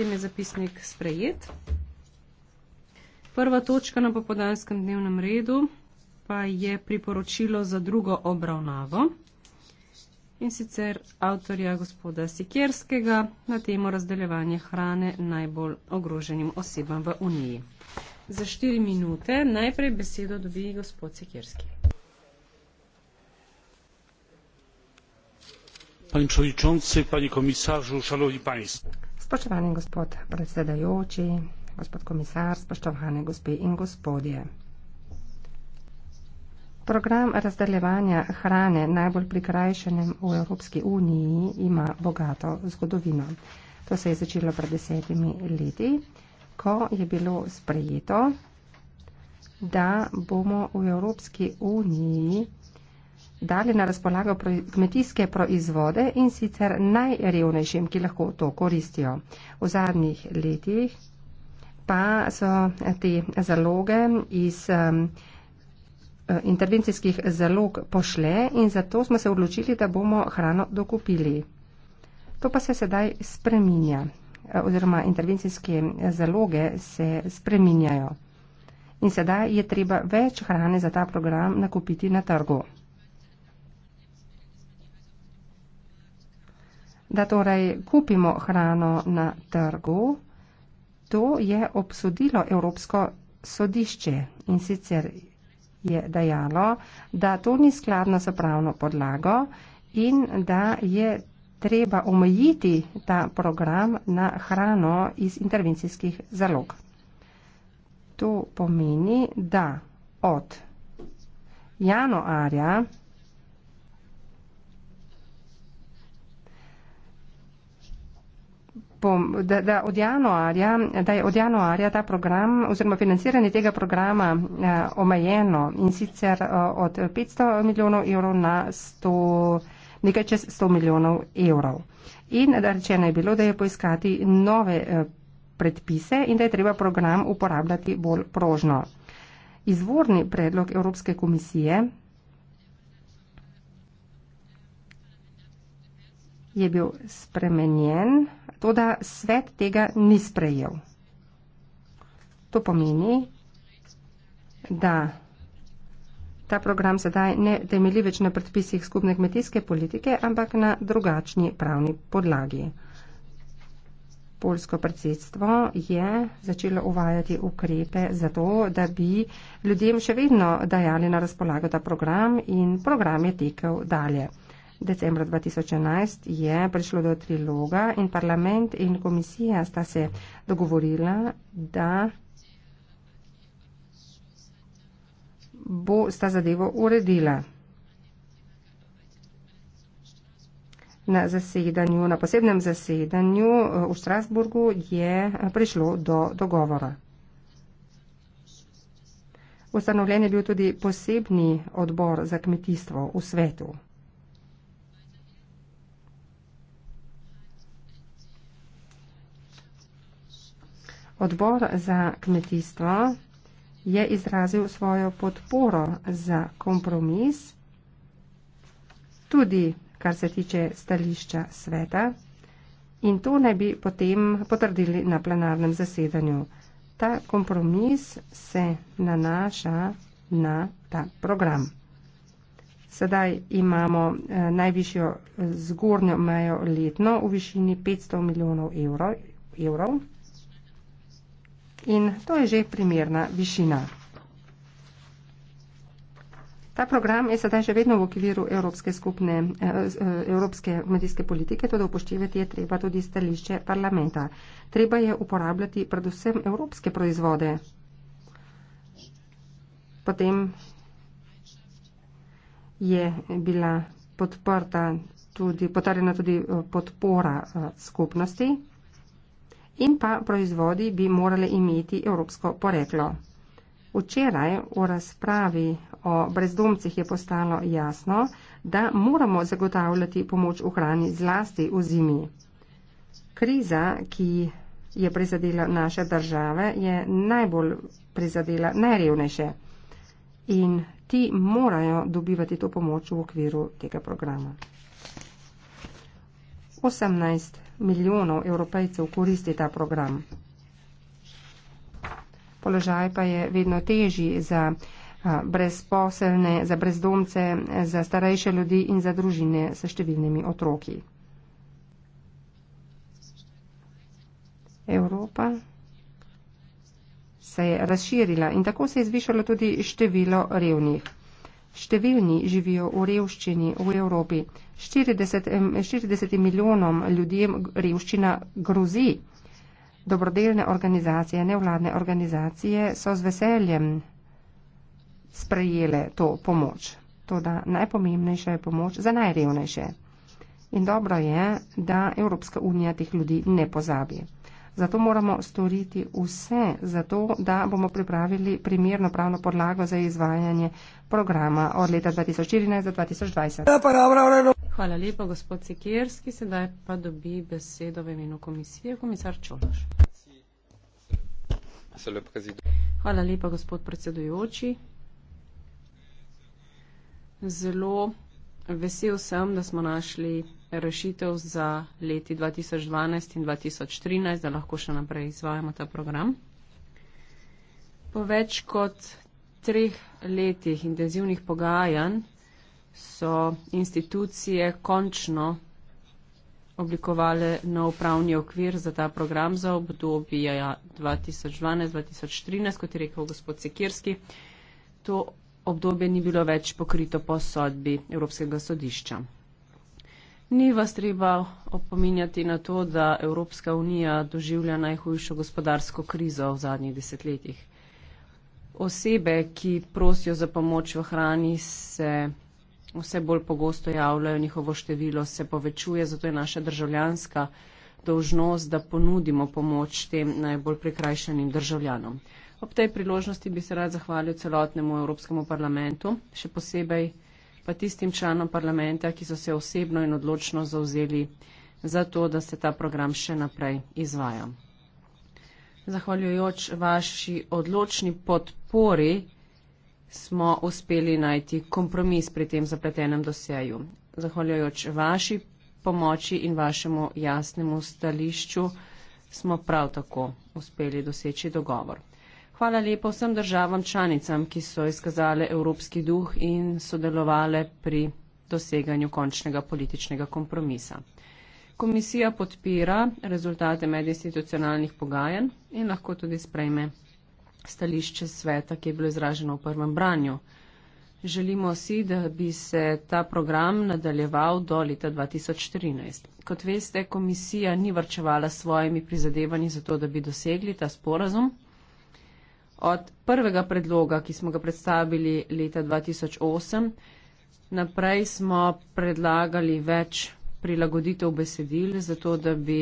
potem je zapisnik sprejet. Prva točka na popodanskem dnevnem redu pa je priporočilo za drugo obravnavo in sicer avtorja gospoda Sikerskega na temo razdeljevanje hrane najbolj ogroženim osebam v Uniji. Za štiri minute najprej besedo dobi gospod Sikerski. Pani przewodniczący, panie komisarzu, szanowni państwo. Spoštovani gospod predsedajoči, gospod komisar, spoštovane gospe in gospodje. Program razdeljevanja hrane najbolj prikrajšanem v Evropski uniji ima bogato zgodovino. To se je začelo pred desetimi leti, ko je bilo sprejeto, da bomo v Evropski uniji dali na razpolago kmetijske proizvode in sicer najrevnejšim, ki lahko to koristijo. V zadnjih letih pa so te zaloge iz um, eh, intervencijskih zalog pošle in zato smo se odločili, da bomo hrano dokupili. To pa se sedaj spreminja eh, oziroma intervencijske eh, zaloge se spreminjajo. In sedaj je treba več hrane za ta program nakupiti na trgu. da torej kupimo hrano na trgu, to je obsodilo Evropsko sodišče in sicer je dejalo, da to ni skladno s pravno podlago in da je treba omejiti ta program na hrano iz intervencijskih zalog. To pomeni, da od januarja da, da, od januarja, da je od januarja ta program oziroma financiranje tega programa eh, omejeno in sicer eh, od 500 milijonov evrov na 100, nekaj čez 100 milijonov evrov. In da rečeno je bilo, da je poiskati nove eh, predpise in da je treba program uporabljati bolj prožno. Izvorni predlog Evropske komisije je bil spremenjen. Toda svet tega ni sprejel. To pomeni, da ta program sedaj ne temelji več na predpisih skupne kmetijske politike, ampak na drugačni pravni podlagi. Polsko predsedstvo je začelo uvajati ukrepe za to, da bi ljudem še vedno dajali na razpolago ta program in program je tekel dalje decembra 2011 je prišlo do triloga in parlament in komisija sta se dogovorila, da bo sta zadevo uredila. Na, zasedanju, na posebnem zasedanju eh, v Strasburgu je eh, prišlo do dogovora. Ustanovljen je bil tudi posebni odbor za kmetijstvo v svetu. Odbor za kmetijstvo je izrazil svojo podporo za kompromis, tudi kar se tiče stališča sveta, in to naj bi potem potrdili na plenarnem zasedanju. Ta kompromis se nanaša na ta program. Sedaj imamo eh, najvišjo eh, zgornjo mejo letno v višini 500 milijonov evrov. evrov in to je že primerna višina. Ta program je sedaj že vedno v okviru Evropske skupne, eh, eh, Evropske medijske politike, tudi upoštevati je treba tudi stališče parlamenta. Treba je uporabljati predvsem evropske proizvode. Potem je bila podprta tudi, potrjena tudi eh, podpora skupnosti in pa proizvodi bi morali imeti evropsko poreklo. Včeraj v razpravi o brezdomcih je postalo jasno, da moramo zagotavljati pomoč v hrani zlasti v zimi. Kriza, ki je prizadela naše države, je najbolj prizadela najrevnejše in ti morajo dobivati to pomoč v okviru tega programa. 18 milijonov evropejcev koristi ta program. Položaj pa je vedno težji za brezposelne, za brezdomce, za starejše ljudi in za družine s številnimi otroki. Evropa se je razširila in tako se je zvišalo tudi število revnih. Številni živijo v revščini v Evropi. 40, 40 milijonom ljudem revščina grozi. Dobrodelne organizacije, nevladne organizacije so z veseljem sprejele to pomoč. Toda najpomembnejša je pomoč za najrevnejše. In dobro je, da Evropska unija teh ljudi ne pozabi. Zato moramo storiti vse, zato da bomo pripravili primerno pravno podlago za izvajanje programa od leta 2014 do 2020. Ja, no. Hvala lepa, gospod Sikerski. Sedaj pa dobi besedo v imenu komisije, komisar Čološ. Hvala lepa, gospod predsedujoči. Zelo vesel sem, da smo našli rešitev za leti 2012 in 2013, da lahko še naprej izvajamo ta program. Po več kot treh letih intenzivnih pogajanj so institucije končno oblikovale nov pravni okvir za ta program za obdobje 2012-2013, ja, kot je rekel gospod Sekirski. To obdobje ni bilo več pokrito po sodbi Evropskega sodišča. Ni vas treba opominjati na to, da Evropska unija doživlja najhujšo gospodarsko krizo v zadnjih desetletjih. Osebe, ki prosijo za pomoč v hrani, se vse bolj pogosto javljajo, njihovo število se povečuje, zato je naša državljanska dolžnost, da ponudimo pomoč tem najbolj prikrajšanim državljanom. Ob tej priložnosti bi se rad zahvalil celotnemu Evropskemu parlamentu, še posebej pa tistim članom parlamenta, ki so se osebno in odločno zauzeli za to, da se ta program še naprej izvaja. Zahvaljujoč vaši odločni podpori smo uspeli najti kompromis pri tem zapletenem doseju. Zahvaljujoč vaši pomoči in vašemu jasnemu stališču smo prav tako uspeli doseči dogovor. Hvala lepo vsem državam članicam, ki so izkazale evropski duh in sodelovale pri doseganju končnega političnega kompromisa. Komisija podpira rezultate medinstitucionalnih pogajanj in lahko tudi sprejme stališče sveta, ki je bilo izraženo v prvem branju. Želimo si, da bi se ta program nadaljeval do leta 2014. Kot veste, komisija ni vrčevala svojimi prizadevanji za to, da bi dosegli ta sporazum od prvega predloga, ki smo ga predstavili leta 2008, naprej smo predlagali več prilagoditev besedil, zato da bi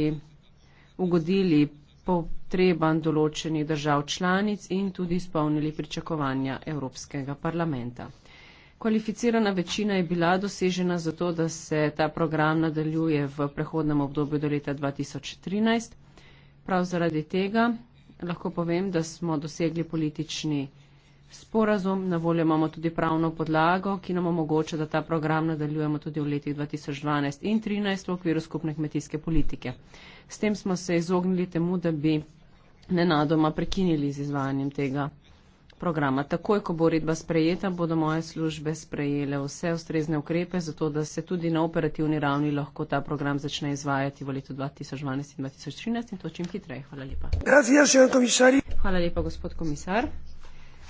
ugodili potreban določenih držav članic in tudi izpolnili pričakovanja Evropskega parlamenta. Kvalificirana večina je bila dosežena zato, da se ta program nadaljuje v prehodnem obdobju do leta 2013. Prav zaradi tega lahko povem, da smo dosegli politični sporazum. Na voljo imamo tudi pravno podlago, ki nam omogoča, da ta program nadaljujemo tudi v letih 2012 in 2013 v okviru skupne kmetijske politike. S tem smo se izognili temu, da bi nenadoma prekinili z izvajanjem tega programa. Takoj, ko bo uredba sprejeta, bodo moje službe sprejele vse ustrezne ukrepe, zato da se tudi na operativni ravni lahko ta program začne izvajati v letu 2012 in 2013 in to čim hitreje. Hvala lepa. Hvala lepa, gospod komisar.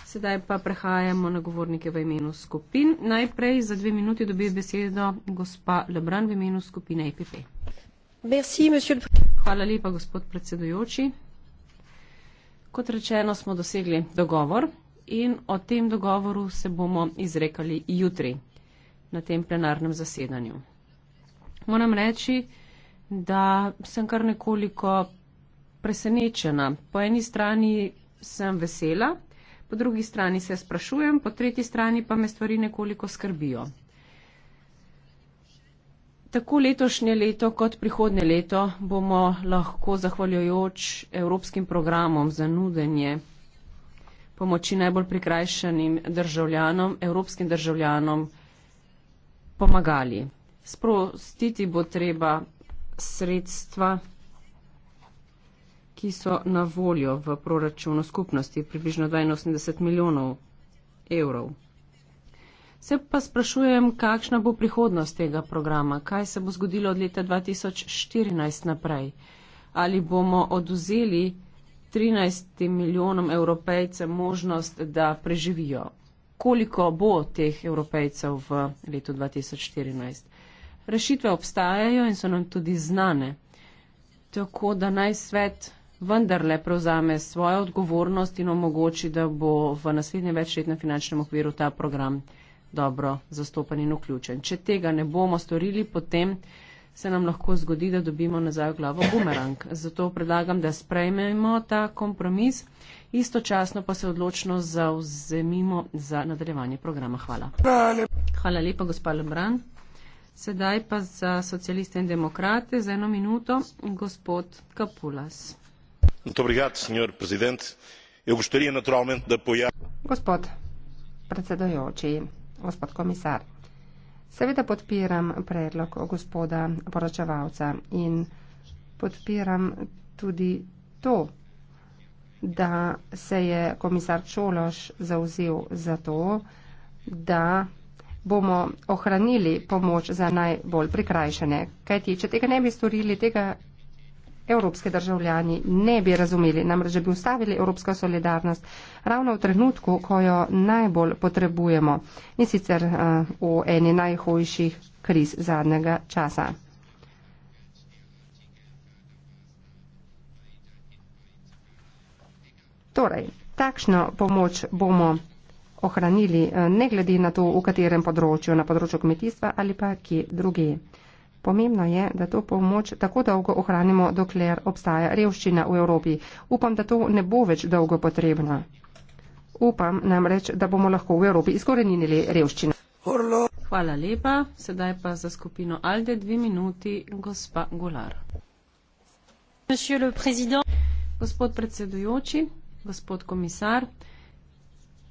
Sedaj pa prehajamo na govornike v imenu skupin. Najprej za dve minuti dobi besedo gospa Lebran v imenu skupine EPP. Merci, Hvala lepa, gospod predsedujoči. Kot rečeno, smo dosegli dogovor in o tem dogovoru se bomo izrekali jutri na tem plenarnem zasedanju. Moram reči, da sem kar nekoliko presenečena. Po eni strani sem vesela, po drugi strani se sprašujem, po tretji strani pa me stvari nekoliko skrbijo. Tako letošnje leto kot prihodnje leto bomo lahko zahvaljujoč evropskim programom za nudenje pomoči najbolj prikrajšanim državljanom, evropskim državljanom pomagali. Sprostiti bo treba sredstva, ki so na voljo v proračunu skupnosti, približno 82 milijonov evrov. Se pa sprašujem, kakšna bo prihodnost tega programa, kaj se bo zgodilo od leta 2014 naprej. Ali bomo oduzeli 13 milijonom evropejcev možnost, da preživijo? Koliko bo teh evropejcev v letu 2014? Rešitve obstajajo in so nam tudi znane. Tako da naj svet vendarle prevzame svojo odgovornost in omogoči, da bo v naslednjem večletnem finančnem okviru ta program dobro zastopan in vključen. Če tega ne bomo storili, potem se nam lahko zgodi, da dobimo nazaj v glavo bumerang. Zato predlagam, da sprejmemo ta kompromis, istočasno pa se odločno zauzemimo za nadaljevanje programa. Hvala. Hvala lepa, gospod Lebran. Sedaj pa za socialiste in demokrate za eno minuto gospod Kapulas. Gospod predsedojoči, gospod komisar. Seveda podpiram predlog gospoda poročevalca in podpiram tudi to, da se je komisar Čološ zauzel za to, da bomo ohranili pomoč za najbolj prikrajšane. Kajti, če tega ne bi storili, tega evropske državljani ne bi razumeli. Namreč, da bi ustavili evropska solidarnost ravno v trenutku, ko jo najbolj potrebujemo in sicer eh, v eni najhojših kriz zadnjega časa. Torej, takšno pomoč bomo ohranili eh, ne glede na to, v katerem področju, na področju kmetijstva ali pa kje drugi. Pomembno je, da to pomoč tako dolgo ohranimo, dokler obstaja revščina v Evropi. Upam, da to ne bo več dolgo potrebno. Upam namreč, da bomo lahko v Evropi izkorenili revščino. Hvala lepa. Sedaj pa za skupino Alde dve minuti, gospa Gular. Gospod predsedujoči, gospod komisar,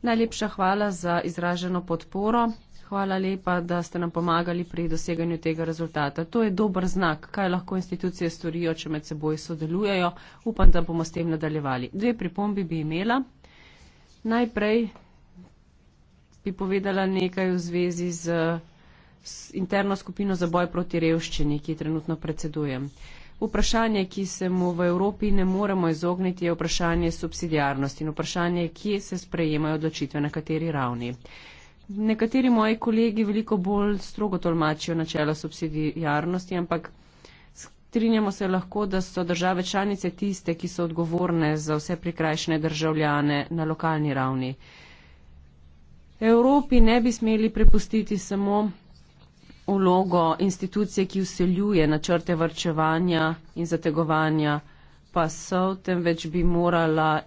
najlepša hvala za izraženo podporo hvala lepa, da ste nam pomagali pri doseganju tega rezultata. To je dober znak, kaj lahko institucije storijo, če med seboj sodelujejo. Upam, da bomo s tem nadaljevali. Dve pripombi bi imela. Najprej bi povedala nekaj v zvezi z interno skupino za boj proti revščini, ki trenutno predsedujem. Vprašanje, ki se mu v Evropi ne moremo izogniti, je vprašanje subsidijarnosti in vprašanje, kje se sprejemajo odločitve, na kateri ravni nekateri moji kolegi veliko bolj strogo tolmačijo načela subsidijarnosti, ampak strinjamo se lahko, da so države članice tiste, ki so odgovorne za vse prikrajšene državljane na lokalni ravni. Evropi ne bi smeli prepustiti samo vlogo institucije, ki useljuje načrte vrčevanja in zategovanja pasov, temveč bi morala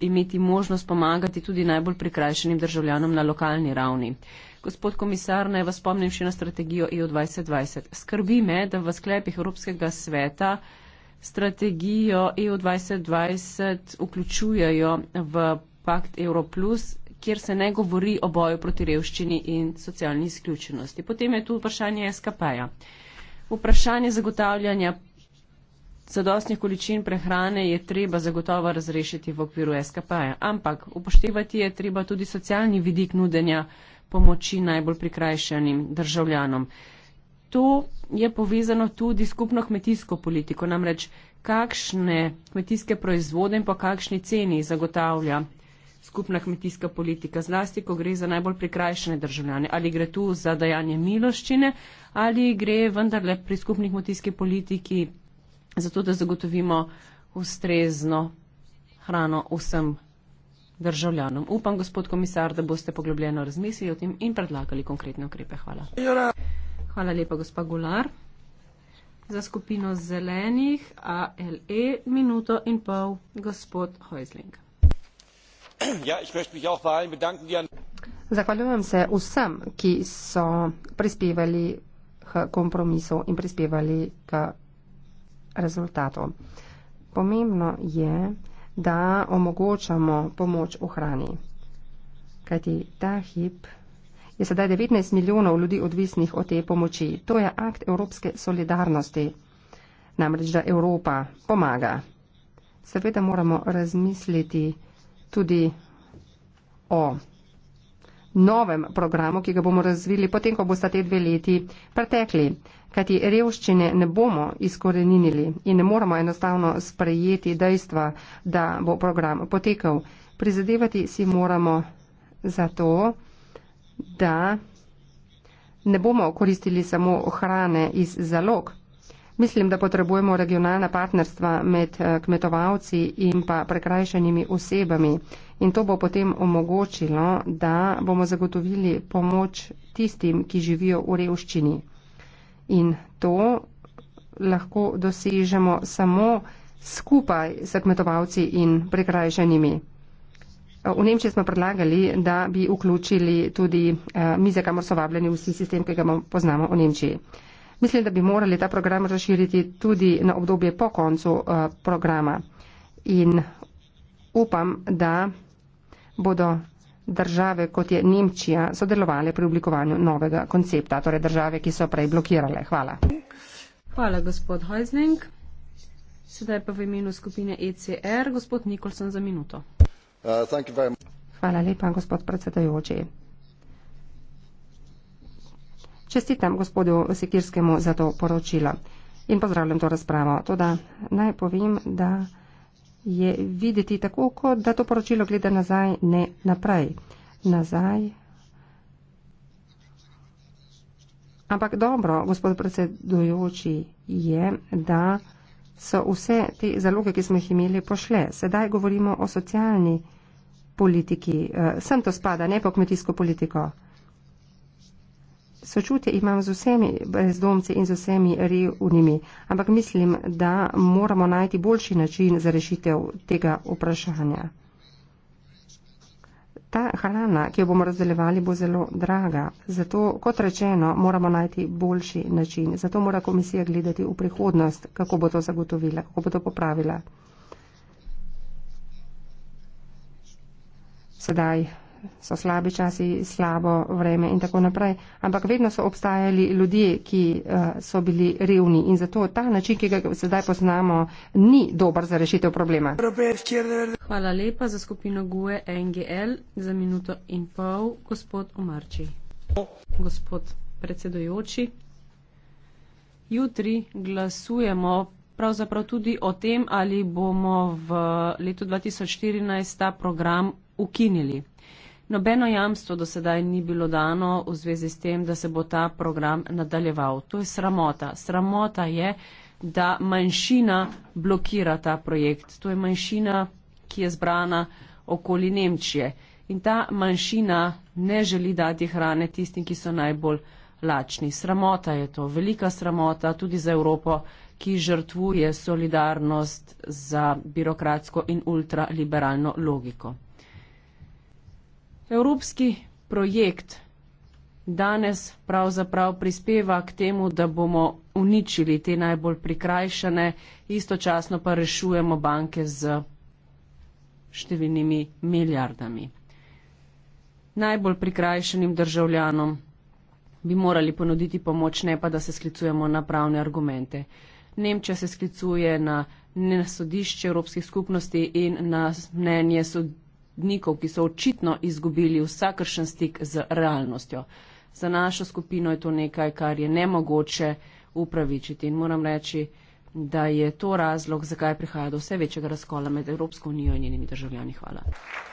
imeti možnost pomagati tudi najbolj prikrajšenim državljanom na lokalni ravni. Gospod komisar, naj vas spomnim še na strategijo EU 2020. Skrbi me, da v sklepih Evropskega sveta strategijo EU 2020 vključujejo v pakt Euro Plus, kjer se ne govori o boju proti revščini in socialni izključenosti. Potem je tu vprašanje SKP-ja. Vprašanje zagotavljanja zadostnih količin prehrane je treba zagotovo razrešiti v okviru SKP-ja, ampak upoštevati je treba tudi socialni vidik nudenja pomoči najbolj prikrajšanim državljanom. To je povezano tudi skupno kmetijsko politiko, namreč kakšne kmetijske proizvode in po kakšni ceni zagotavlja skupna kmetijska politika, zlasti ko gre za najbolj prikrajšene državljane. Ali gre tu za dajanje miloščine ali gre vendarle pri skupni kmetijski politiki zato da zagotovimo ustrezno hrano vsem državljanom. Upam, gospod komisar, da boste poglobljeno razmislili o tem in predlagali konkretne ukrepe. Hvala. Hvala lepa, gospa Gular. Za skupino zelenih ALE minuto in pol, gospod Hojzling. Ja, Zahvaljujem se vsem, ki so prispevali k kompromisu in prispevali k rezultatov. Pomembno je, da omogočamo pomoč v hrani. Kajti ta hip je sedaj 19 milijonov ljudi odvisnih od te pomoči. To je akt evropske solidarnosti. Namreč, da Evropa pomaga. Seveda moramo razmisliti tudi o novem programu, ki ga bomo razvili potem, ko bosta te dve leti pretekli. Kajti revščine ne bomo izkoreninili in ne moramo enostavno sprejeti dejstva, da bo program potekal. Prizadevati si moramo za to, da ne bomo koristili samo hrane iz zalog Mislim, da potrebujemo regionalna partnerstva med eh, kmetovalci in pa prekrajšanimi osebami. In to bo potem omogočilo, da bomo zagotovili pomoč tistim, ki živijo v revščini. In to lahko dosežemo samo skupaj s kmetovalci in prekrajšanimi. Eh, v Nemčiji smo predlagali, da bi vključili tudi eh, mize, kamor so vabljeni vsi sistem, ki ga poznamo v Nemčiji. Mislim, da bi morali ta program razširiti tudi na obdobje po koncu eh, programa. In upam, da bodo države, kot je Nemčija, sodelovali pri oblikovanju novega koncepta, torej države, ki so prej blokirale. Hvala. Hvala, gospod Heusling. Sedaj pa v imenu skupine ECR, gospod Nikolson za minuto. Uh, Hvala lepa, gospod predsedajoči. Čestitam gospodu Sikirskemu za to poročilo in pozdravljam to razpravo. Toda naj povem, da je videti tako, kot da to poročilo gleda nazaj, ne naprej. Nazaj. Ampak dobro, gospod predsedujoči, je, da so vse te zaloge, ki smo jih imeli, pošle. Sedaj govorimo o socialni politiki. Eh, sem to spada, ne pa kmetijsko politiko sočutje imam z vsemi brezdomci in z vsemi revnimi, ampak mislim, da moramo najti boljši način za rešitev tega vprašanja. Ta hrana, ki jo bomo razdelevali, bo zelo draga. Zato, kot rečeno, moramo najti boljši način. Zato mora komisija gledati v prihodnost, kako bo to zagotovila, kako bo to popravila. Sedaj so slabi časi, slabo vreme in tako naprej, ampak vedno so obstajali ljudje, ki uh, so bili revni in zato ta način, ki ga sedaj poznamo, ni dober za rešitev problema. Hvala lepa za skupino GUE NGL za minuto in pol, gospod Omarči. Gospod predsedojoči, jutri glasujemo. Pravzaprav tudi o tem, ali bomo v letu 2014 ta program ukinili. Nobeno jamstvo do sedaj ni bilo dano v zvezi s tem, da se bo ta program nadaljeval. To je sramota. Sramota je, da manjšina blokira ta projekt. To je manjšina, ki je zbrana okoli Nemčije. In ta manjšina ne želi dati hrane tistim, ki so najbolj lačni. Sramota je to, velika sramota tudi za Evropo, ki žrtvuje solidarnost za birokratsko in ultraliberalno logiko. Evropski projekt danes pravzaprav prispeva k temu, da bomo uničili te najbolj prikrajšane, istočasno pa rešujemo banke z številnimi milijardami. Najbolj prikrajšanim državljanom bi morali ponuditi pomoč, ne pa da se sklicujemo na pravne argumente. Nemčija se sklicuje na, na sodišče Evropskih skupnosti in na mnenje sodišča urednikov, ki so očitno izgubili vsakršen stik z realnostjo. Za našo skupino je to nekaj, kar je nemogoče upravičiti in moram reči, da je to razlog, zakaj prihaja do vse večjega razkola med Evropsko unijo in njenimi državljani. Hvala.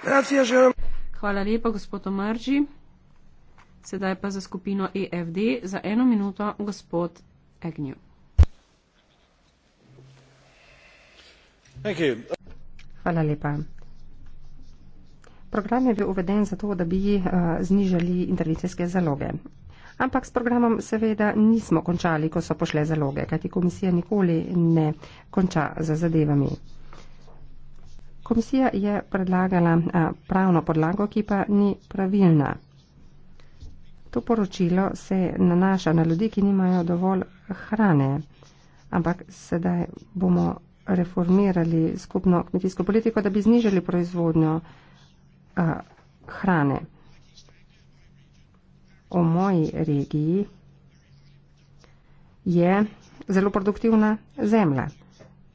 Ja Hvala lepa, gospod Omarži. Sedaj pa za skupino EFD za eno minuto gospod Egnjo. Hvala lepa. Program je bil uveden zato, da bi uh, znižali intervencijske zaloge. Ampak s programom seveda nismo končali, ko so pošle zaloge, kajti komisija nikoli ne konča za zadevami. Komisija je predlagala uh, pravno podlago, ki pa ni pravilna. To poročilo se nanaša na ljudi, ki nimajo dovolj hrane, ampak sedaj bomo reformirali skupno kmetijsko politiko, da bi znižali proizvodnjo a, hrane. O moji regiji je zelo produktivna zemlja.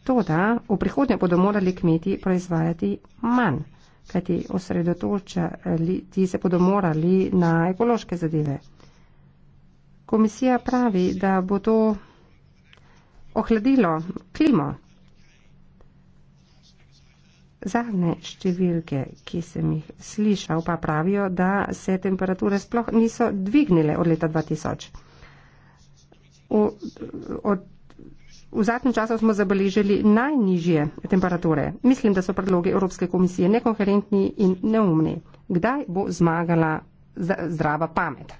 Toda v prihodnje bodo morali kmeti proizvajati manj, kajti osredotočali, ti se bodo morali na ekološke zadeve. Komisija pravi, da bo to ohladilo klimo, Zadnje številke, ki sem jih slišal, pa pravijo, da se temperature sploh niso dvignile od leta 2000. V, od, v zadnjem času smo zabeležili najnižje temperature. Mislim, da so predlogi Evropske komisije nekoherentni in neumni. Kdaj bo zmagala zdrava pamet?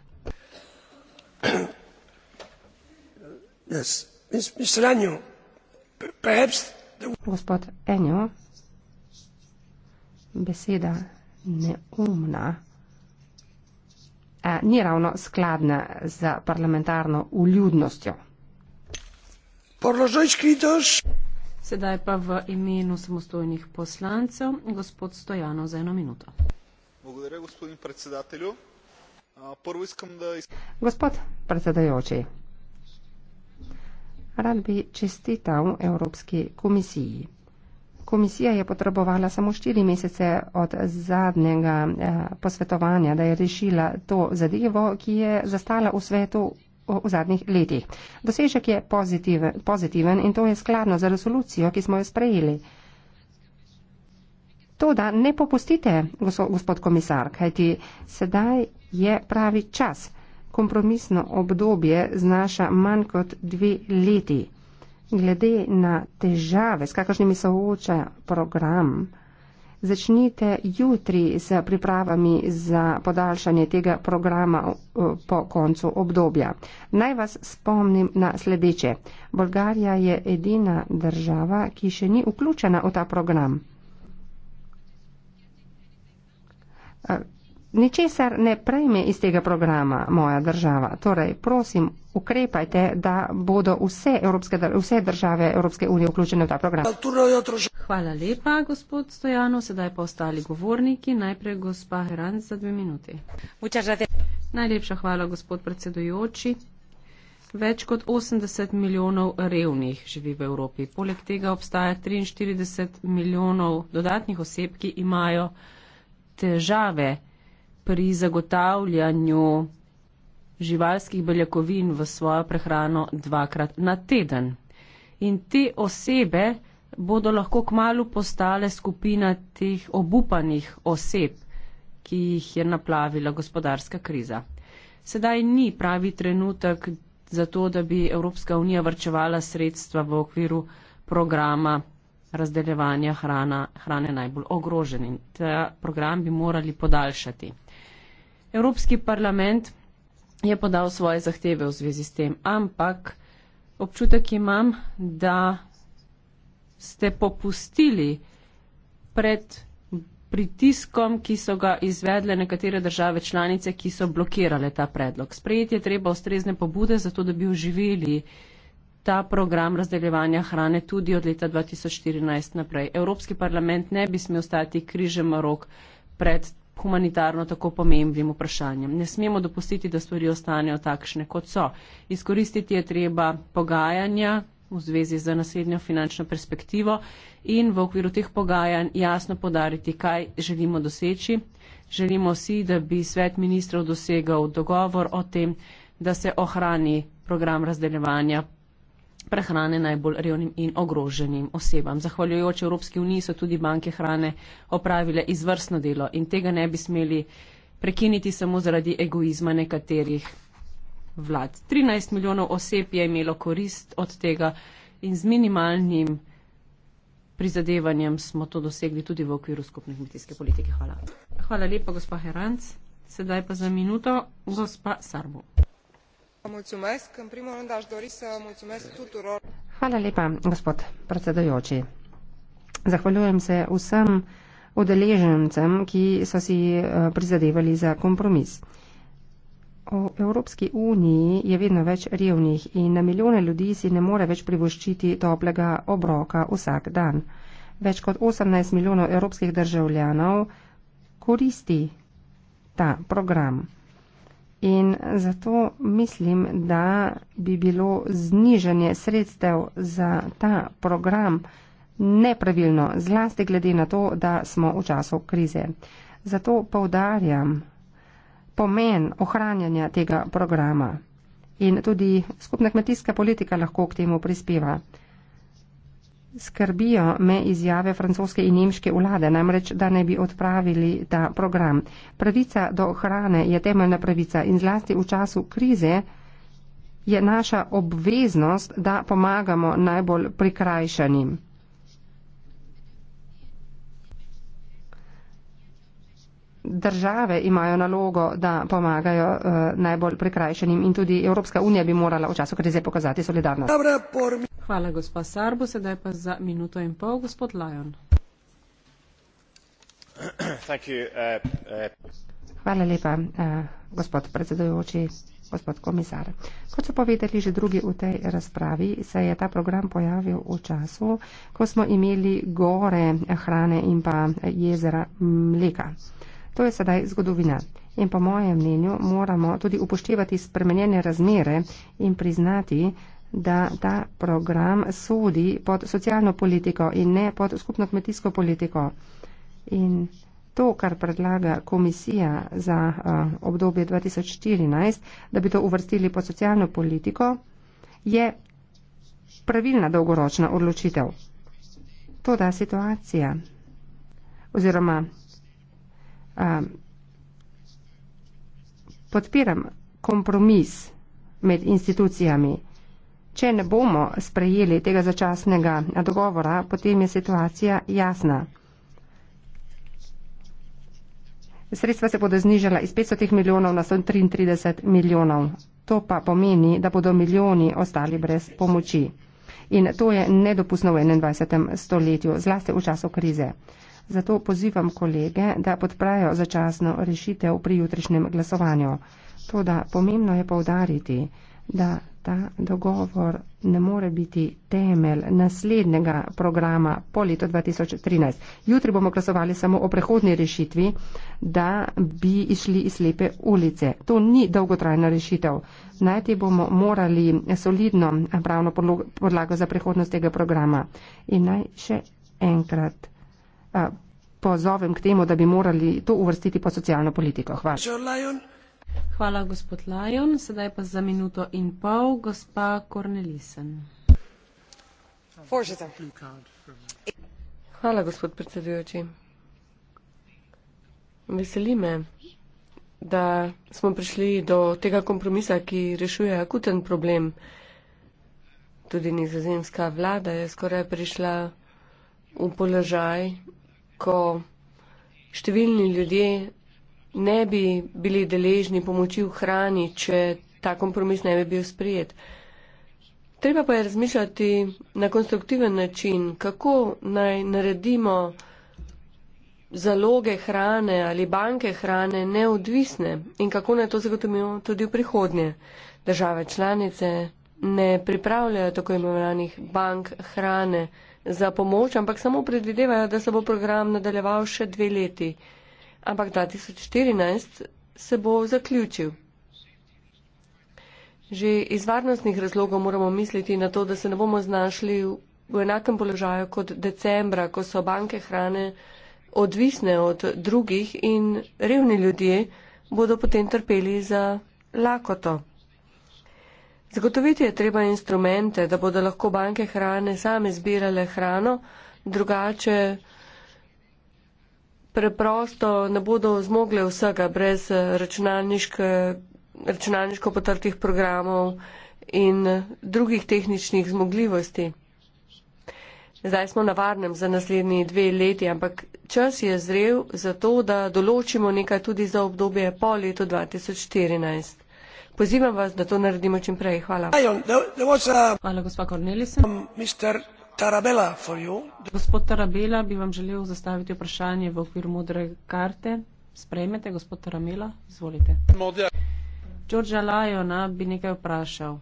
Gospod Enjo beseda neumna. E, ni ravno skladna z parlamentarno uljudnostjo. Položaj skritoš. Sedaj pa v imenu samostojnih poslancev gospod Stojano za eno minuto. Bogodare, gospodin predsedatelju. Prvo iskam, da... Gospod predsedajoči, rad bi čestital Evropski komisiji. Komisija je potrebovala samo štiri mesece od zadnjega eh, posvetovanja, da je rešila to zadevo, ki je zastala v svetu v zadnjih letih. Dosežek je pozitiven, pozitiven in to je skladno z resolucijo, ki smo jo sprejeli. To, da ne popustite, gospod komisar, kajti sedaj je pravi čas. Kompromisno obdobje znaša manj kot dve leti glede na težave, s kakršnimi se ooča program. Začnite jutri s pripravami za podaljšanje tega programa uh, po koncu obdobja. Naj vas spomnim na sledeče. Bolgarija je edina država, ki še ni vključena v ta program. Uh, Ničesar ne prejme iz tega programa moja država. Torej, prosim, ukrepajte, da bodo vse, evropske, vse države Evropske unije vključene v ta program. Hvala lepa, gospod Stojano. Sedaj pa ostali govorniki. Najprej gospa Heran za dve minuti. Najlepša hvala, gospod predsedujoči. Več kot 80 milijonov revnih živi v Evropi. Poleg tega obstaja 43 milijonov dodatnih oseb, ki imajo težave pri zagotavljanju živalskih beljakovin v svojo prehrano dvakrat na teden. In te osebe bodo lahko k malu postale skupina teh obupanih oseb, ki jih je naplavila gospodarska kriza. Sedaj ni pravi trenutek za to, da bi Evropska unija vrčevala sredstva v okviru programa razdeljevanja hrana, hrane najbolj ogroženim. Ta program bi morali podaljšati. Evropski parlament je podal svoje zahteve v zvezi s tem, ampak občutek imam, da ste popustili pred pritiskom, ki so ga izvedle nekatere države članice, ki so blokirale ta predlog. Sprejeti je treba ustrezne pobude, zato da bi oživili ta program razdeljevanja hrane tudi od leta 2014 naprej. Evropski parlament ne bi smel stati križem rok pred humanitarno tako pomembnim vprašanjem. Ne smemo dopustiti, da stvari ostanejo takšne, kot so. Izkoristiti je treba pogajanja v zvezi z naslednjo finančno perspektivo in v okviru teh pogajanj jasno podariti, kaj želimo doseči. Želimo si, da bi svet ministrov dosegal dogovor o tem, da se ohrani program razdeljevanja prehrane najbolj revnim in ogroženim osebam. Zahvaljujoč Evropski uniji so tudi banke hrane opravile izvrstno delo in tega ne bi smeli prekiniti samo zaradi egoizma nekaterih vlad. 13 milijonov oseb je imelo korist od tega in z minimalnim prizadevanjem smo to dosegli tudi v okviru skupne kmetijske politike. Hvala. Hvala lepa, gospa Heranc. Sedaj pa za minuto, gospa Sarbo. Hvala lepa, gospod predsedujoči. Zahvaljujem se vsem udeležencem, ki so si eh, prizadevali za kompromis. O Evropski uniji je vedno več revnih in na milijone ljudi si ne more več privoščiti toplega obroka vsak dan. Več kot 18 milijonov evropskih državljanov koristi ta program. In zato mislim, da bi bilo znižanje sredstev za ta program nepravilno, zlasti glede na to, da smo v času krize. Zato povdarjam pomen ohranjanja tega programa. In tudi skupna kmetijska politika lahko k temu prispeva. Skrbijo me izjave francoske in nemške vlade, namreč, da ne bi odpravili ta program. Pravica do hrane je temeljna pravica in zlasti v času krize je naša obveznost, da pomagamo najbolj prikrajšanim. države imajo nalogo, da pomagajo eh, najbolj prikrajšanim in tudi Evropska unija bi morala v času krize pokazati solidarnost. Hvala, gospa Sarbo. Sedaj pa za minuto in pol, gospod Lajon. Uh, uh, Hvala lepa, eh, gospod predsedujoči, gospod komisar. Kot so povedali že drugi v tej razpravi, se je ta program pojavil v času, ko smo imeli gore hrane in pa jezera mleka. To je sedaj zgodovina. In po mojem mnenju moramo tudi upoštevati spremenjene razmere in priznati, da ta program sodi pod socialno politiko in ne pod skupno kmetijsko politiko. In to, kar predlaga komisija za uh, obdobje 2014, da bi to uvrstili pod socialno politiko, je pravilna dolgoročna odločitev. Toda situacija oziroma um, podpiram kompromis med institucijami. Če ne bomo sprejeli tega začasnega dogovora, potem je situacija jasna. Sredstva se bodo znižala iz 500 milijonov na 133 milijonov. To pa pomeni, da bodo milijoni ostali brez pomoči. In to je nedopustno v 21. stoletju, zlasti v času krize. Zato pozivam kolege, da podprajo začasno rešitev pri jutrišnjem glasovanju. Toda pomembno je povdariti, da ta dogovor ne more biti temelj naslednjega programa po letu 2013. Jutri bomo glasovali samo o prehodni rešitvi, da bi išli iz slepe ulice. To ni dolgotrajna rešitev. Najti bomo morali solidno pravno podlago za prihodnost tega programa. In naj še enkrat pozovem k temu, da bi morali to uvrstiti pod socialno politiko. Hvala. Hvala, gospod Lajon. Sedaj pa za minuto in pol, gospa Kornelisen. Hvala, gospod predsedujoči. Veseli me, da smo prišli do tega kompromisa, ki rešuje akuten problem. Tudi nizozemska vlada je skoraj prišla v položaj, ko številni ljudje ne bi bili deležni pomoči v hrani, če ta kompromis ne bi bil sprijet. Treba pa je razmišljati na konstruktiven način, kako naj naredimo zaloge hrane ali banke hrane neodvisne in kako naj to zagotovimo tudi v prihodnje. Države članice ne pripravljajo tako imenovanih bank hrane za pomoč, ampak samo predvidevajo, da se bo program nadaljeval še dve leti. Ampak 2014 se bo zaključil. Že iz varnostnih razlogov moramo misliti na to, da se ne bomo znašli v enakem položaju kot decembra, ko so banke hrane odvisne od drugih in revni ljudje bodo potem trpeli za lakoto. Zagotoviti je treba instrumente, da bodo lahko banke hrane same zbirale hrano, drugače preprosto ne bodo zmogle vsega brez eh, računalniško potrtih programov in eh, drugih tehničnih zmogljivosti. Zdaj smo na varnem za naslednji dve leti, ampak čas je zrel za to, da določimo nekaj tudi za obdobje po letu 2014. Pozivam vas, da to naredimo čim prej. Hvala. Hvala, gospa Kornelisa. Um, Tarabella gospod Tarabela, bi vam želel zastaviti vprašanje v okviru modre karte. Sprejmete, gospod Tarabela, izvolite. Đorđa Lajona bi nekaj vprašal.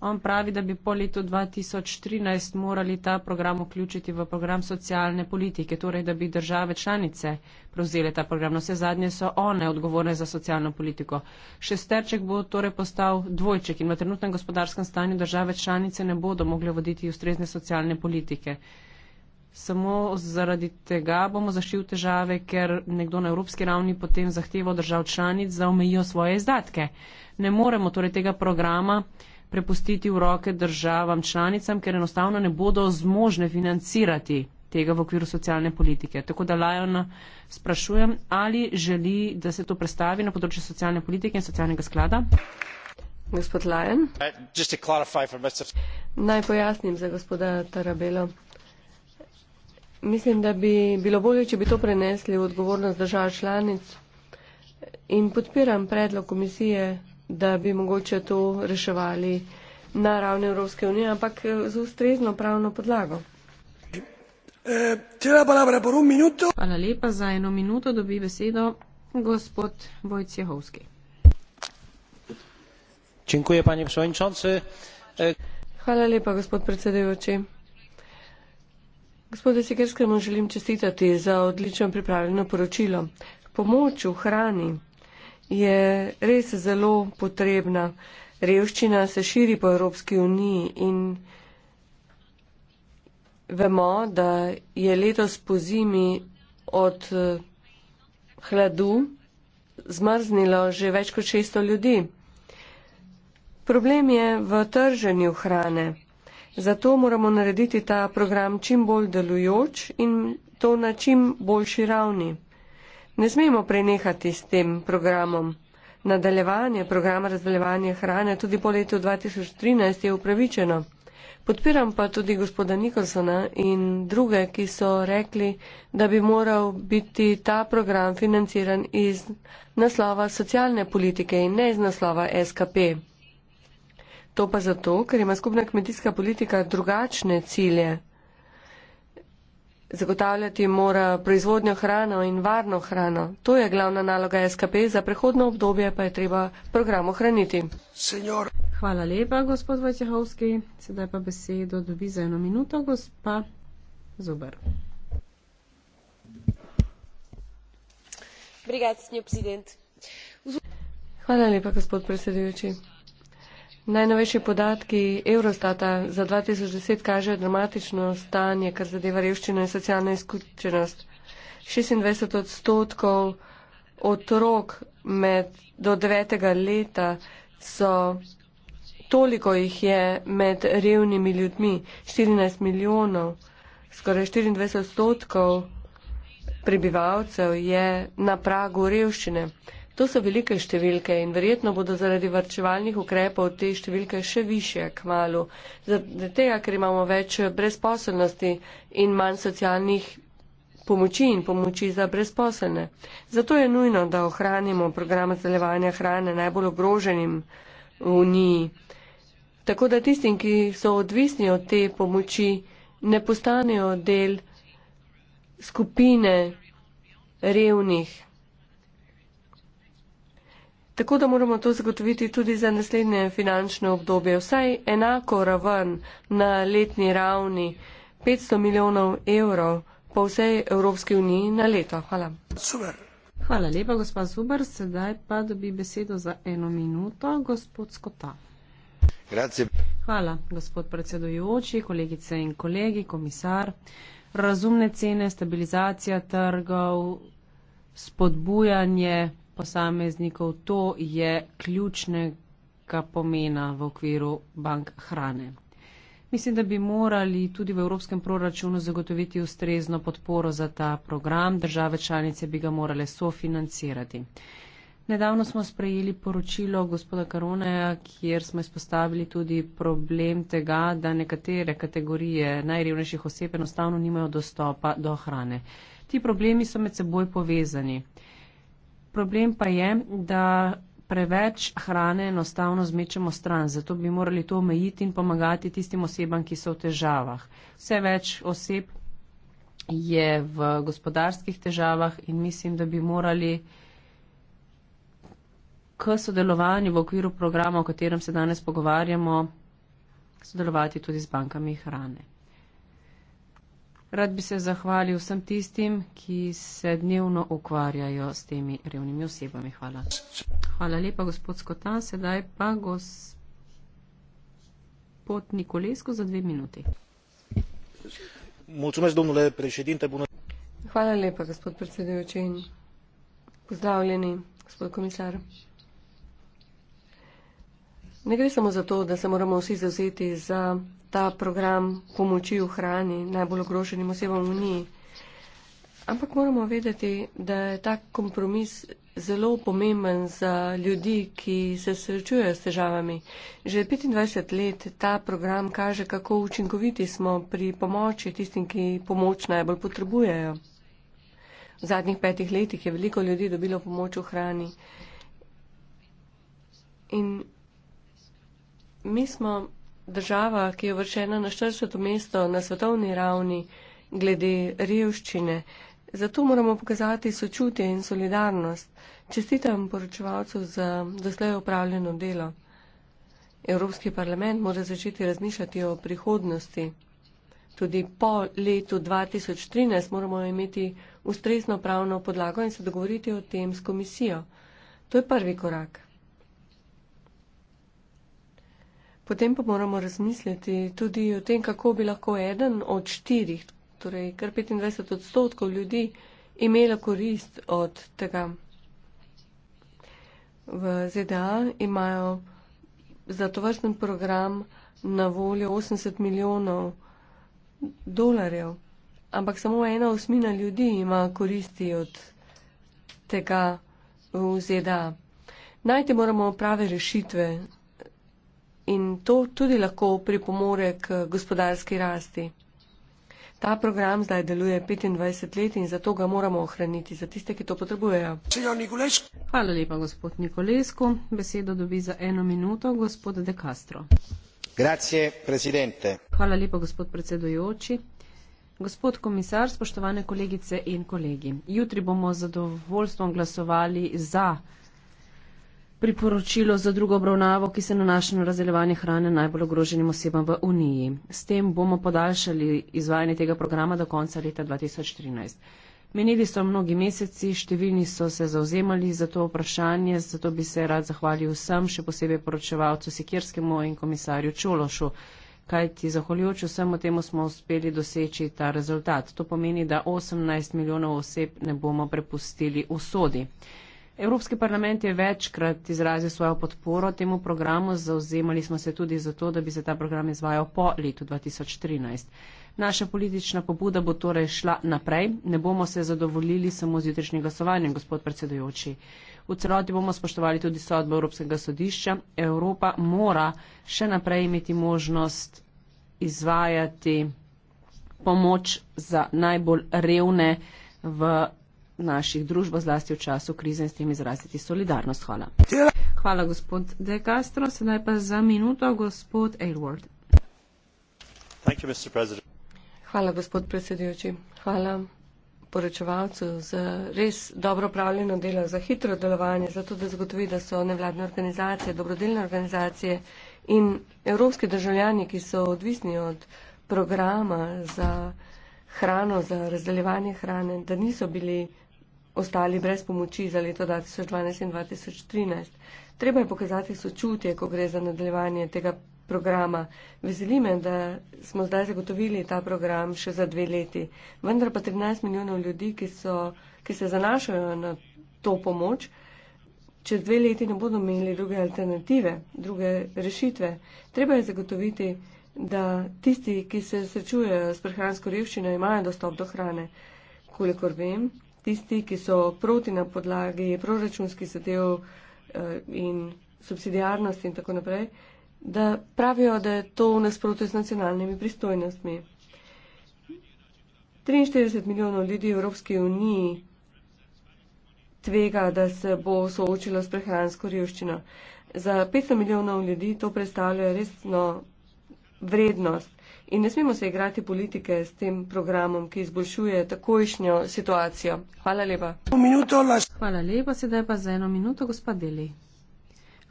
On pravi, da bi po letu 2013 morali ta program vključiti v program socialne politike, torej da bi države članice prevzele ta program. No, vse zadnje so one odgovorne za socialno politiko. Šesterček bo torej postal dvojček in v trenutnem gospodarskem stanju države članice ne bodo mogle voditi ustrezne socialne politike. Samo zaradi tega bomo zašli v težave, ker nekdo na evropski ravni potem zahteva od držav članic, da omejijo svoje izdatke. Ne moremo torej tega programa prepustiti v roke državam članicam, ker enostavno ne bodo zmožne financirati tega v okviru socialne politike. Tako da Lajona sprašujem, ali želi, da se to predstavi na področju socialne politike in socialnega sklada. Gospod Lajon. Uh, Naj pojasnim za gospoda Tarabelo. Mislim, da bi bilo bolje, če bi to prenesli v odgovornost držav članic in podpiram predlog komisije da bi mogoče to reševali na ravni Evropske unije, ampak eh, z ustrezno pravno podlago. Hvala lepa. Za eno minuto dobi besedo gospod Vojcehovski. E- Hvala lepa, gospod predsedujoči. Gospode Sikerskemu želim čestitati za odlično pripravljeno poročilo. Pomoč v hrani je res zelo potrebna. Revščina se širi po Evropski uniji in vemo, da je letos po zimi od eh, hladu zmrznilo že več kot 600 ljudi. Problem je v trženju hrane. Zato moramo narediti ta program čim bolj delujoč in to na čim boljši ravni. Ne smemo prenehati s tem programom. Nadaljevanje programa razdeljevanja hrane tudi po letu 2013 je upravičeno. Podpiram pa tudi gospoda Nikolsona in druge, ki so rekli, da bi moral biti ta program financiran iz naslova socialne politike in ne iz naslova SKP. To pa zato, ker ima skupna kmetijska politika drugačne cilje Zagotavljati mora proizvodnjo hrano in varno hrano. To je glavna naloga SKP, za prehodno obdobje pa je treba program ohraniti. Senjor. Hvala lepa, gospod Vojtehovski. Sedaj pa besedo dobi za eno minuto, gospa Zubar. Brigad, Hvala lepa, gospod predsedujoči. Najnovejši podatki Eurostata za 2010 kažejo dramatično stanje, kar zadeva revščino in socialno izključenost. 26 odstotkov otrok med, do 9. leta so, toliko jih je med revnimi ljudmi, 14 milijonov, skoraj 24 odstotkov prebivalcev je na pragu revščine. To so velike številke in verjetno bodo zaradi varčevalnih ukrepov te številke še više k malu. Zaradi tega, ker imamo več brezposobnosti in manj socialnih pomoči in pomoči za brezposelne. Zato je nujno, da ohranimo program zalevanja hrane najbolj ogroženim v Uniji. Tako da tistim, ki so odvisni od te pomoči, ne postanejo del skupine revnih Tako da moramo to zagotoviti tudi za naslednje finančno obdobje. Vsaj enako raven na letni ravni 500 milijonov evrov po vsej Evropski uniji na leto. Hvala. Super. Hvala lepa, gospa Zubar. Sedaj pa dobi besedo za eno minuto, gospod Skota. Grazie. Hvala, gospod predsedujoči, kolegice in kolegi, komisar. Razumne cene, stabilizacija trgov, spodbujanje posameznikov, to je ključnega pomena v okviru bank hrane. Mislim, da bi morali tudi v evropskem proračunu zagotoviti ustrezno podporo za ta program, države članice bi ga morale sofinancirati. Nedavno smo sprejeli poročilo gospoda Karoneja, kjer smo izpostavili tudi problem tega, da nekatere kategorije najrevnejših oseb enostavno nimajo dostopa do hrane. Ti problemi so med seboj povezani problem pa je, da preveč hrane enostavno zmečemo stran, zato bi morali to omejiti in pomagati tistim osebam, ki so v težavah. Vse več oseb je v gospodarskih težavah in mislim, da bi morali k sodelovanju v okviru programa, o katerem se danes pogovarjamo, sodelovati tudi z bankami hrane. Rad bi se zahvalil vsem tistim, ki se dnevno ukvarjajo s temi revnimi osebami. Hvala. Hvala lepa, gospod Skotan. Sedaj pa gospod Nikolesko za dve minuti. Hvala lepa, gospod predsedujoči. Pozdravljeni, gospod komisar. Ne gre samo za to, da se moramo vsi zauzeti za ta program pomoči v hrani najbolj ogroženim osebam v Uniji. Ampak moramo vedeti, da je ta kompromis zelo pomemben za ljudi, ki se srečujejo s težavami. Že 25 let ta program kaže, kako učinkoviti smo pri pomoči tistim, ki pomoč najbolj potrebujejo. V zadnjih petih letih je veliko ljudi dobilo pomoč v hrani. In mi smo država, ki je vršena na 40. mesto na svetovni ravni glede revščine. Zato moramo pokazati sočutje in solidarnost. Čestitam poročevalcu za doslej upravljeno delo. Evropski parlament mora začeti razmišljati o prihodnosti. Tudi po letu 2013 moramo imeti ustrezno pravno podlago in se dogovoriti o tem s komisijo. To je prvi korak. Potem pa moramo razmisliti tudi o tem, kako bi lahko eden od štirih, torej kar 25 odstotkov ljudi, imela korist od tega. V ZDA imajo za to vrsten program na voljo 80 milijonov dolarjev, ampak samo ena osmina ljudi ima koristi od tega v ZDA. Najti moramo prave rešitve in to tudi lahko pripomore k gospodarski rasti. Ta program zdaj deluje 25 let in zato ga moramo ohraniti za tiste, ki to potrebujejo. Hvala lepa, gospod Nikolesko. Besedo dobi za eno minuto gospod De Castro. Hvala lepa, gospod predsedujoči. Gospod komisar, spoštovane kolegice in kolegi. Jutri bomo z zadovoljstvom glasovali za priporočilo za drugo obravnavo, ki se nanaša na razdeljevanje hrane najbolj ogroženim osebam v Uniji. S tem bomo podaljšali izvajanje tega programa do konca leta 2013. Menili so mnogi meseci, številni so se zauzemali za to vprašanje, zato bi se rad zahvalil vsem, še posebej poročevalcu Sikirskemu in komisarju Čološu, kajti zahvaljujoč vsemu temu smo uspeli doseči ta rezultat. To pomeni, da 18 milijonov oseb ne bomo prepustili v sodi. Evropski parlament je večkrat izrazil svojo podporo temu programu, zauzemali smo se tudi za to, da bi se ta program izvajal po letu 2013. Naša politična pobuda bo torej šla naprej, ne bomo se zadovoljili samo z jutrišnjim glasovanjem, gospod predsedujoči. V celoti bomo spoštovali tudi sodbo Evropskega sodišča. Evropa mora še naprej imeti možnost izvajati pomoč za najbolj revne v naših družba, zlasti v času krize in s tem izraziti solidarnost. Hvala. Hvala, gospod De Castro. Sedaj pa za minuto, gospod Aylward. Hvala, gospod predsedujoči. Hvala poročevalcu za res dobro upravljeno delo, za hitro delovanje, zato da zagotovi, da so nevladne organizacije, dobrodelne organizacije in evropski državljani, ki so odvisni od programa za hrano, za razdeljevanje hrane, da niso bili ostali brez pomoči za leto 2012 in 2013. Treba je pokazati sočutje, ko gre za nadaljevanje tega programa. Veseli me, da smo zdaj zagotovili ta program še za dve leti. Vendar pa 13 milijonov ljudi, ki, so, ki se zanašajo na to pomoč, čez dve leti ne bodo imeli druge alternative, druge rešitve. Treba je zagotoviti, da tisti, ki se srečujejo s prehransko revščino, imajo dostop do hrane. Kolikor vem, tisti, ki so proti na podlagi proračunskih zadev eh, in subsidijarnosti in tako naprej, da pravijo, da je to v nasprotju z nacionalnimi pristojnostmi. 43 milijonov ljudi v Evropski uniji tvega, da se bo soočilo s prehransko revščino. Za 500 milijonov ljudi to predstavlja resno vrednost. In ne smemo se igrati politike s tem programom, ki izboljšuje takojšnjo situacijo. Hvala lepa. Hvala lepa, sedaj pa za eno minuto, gospod Deli.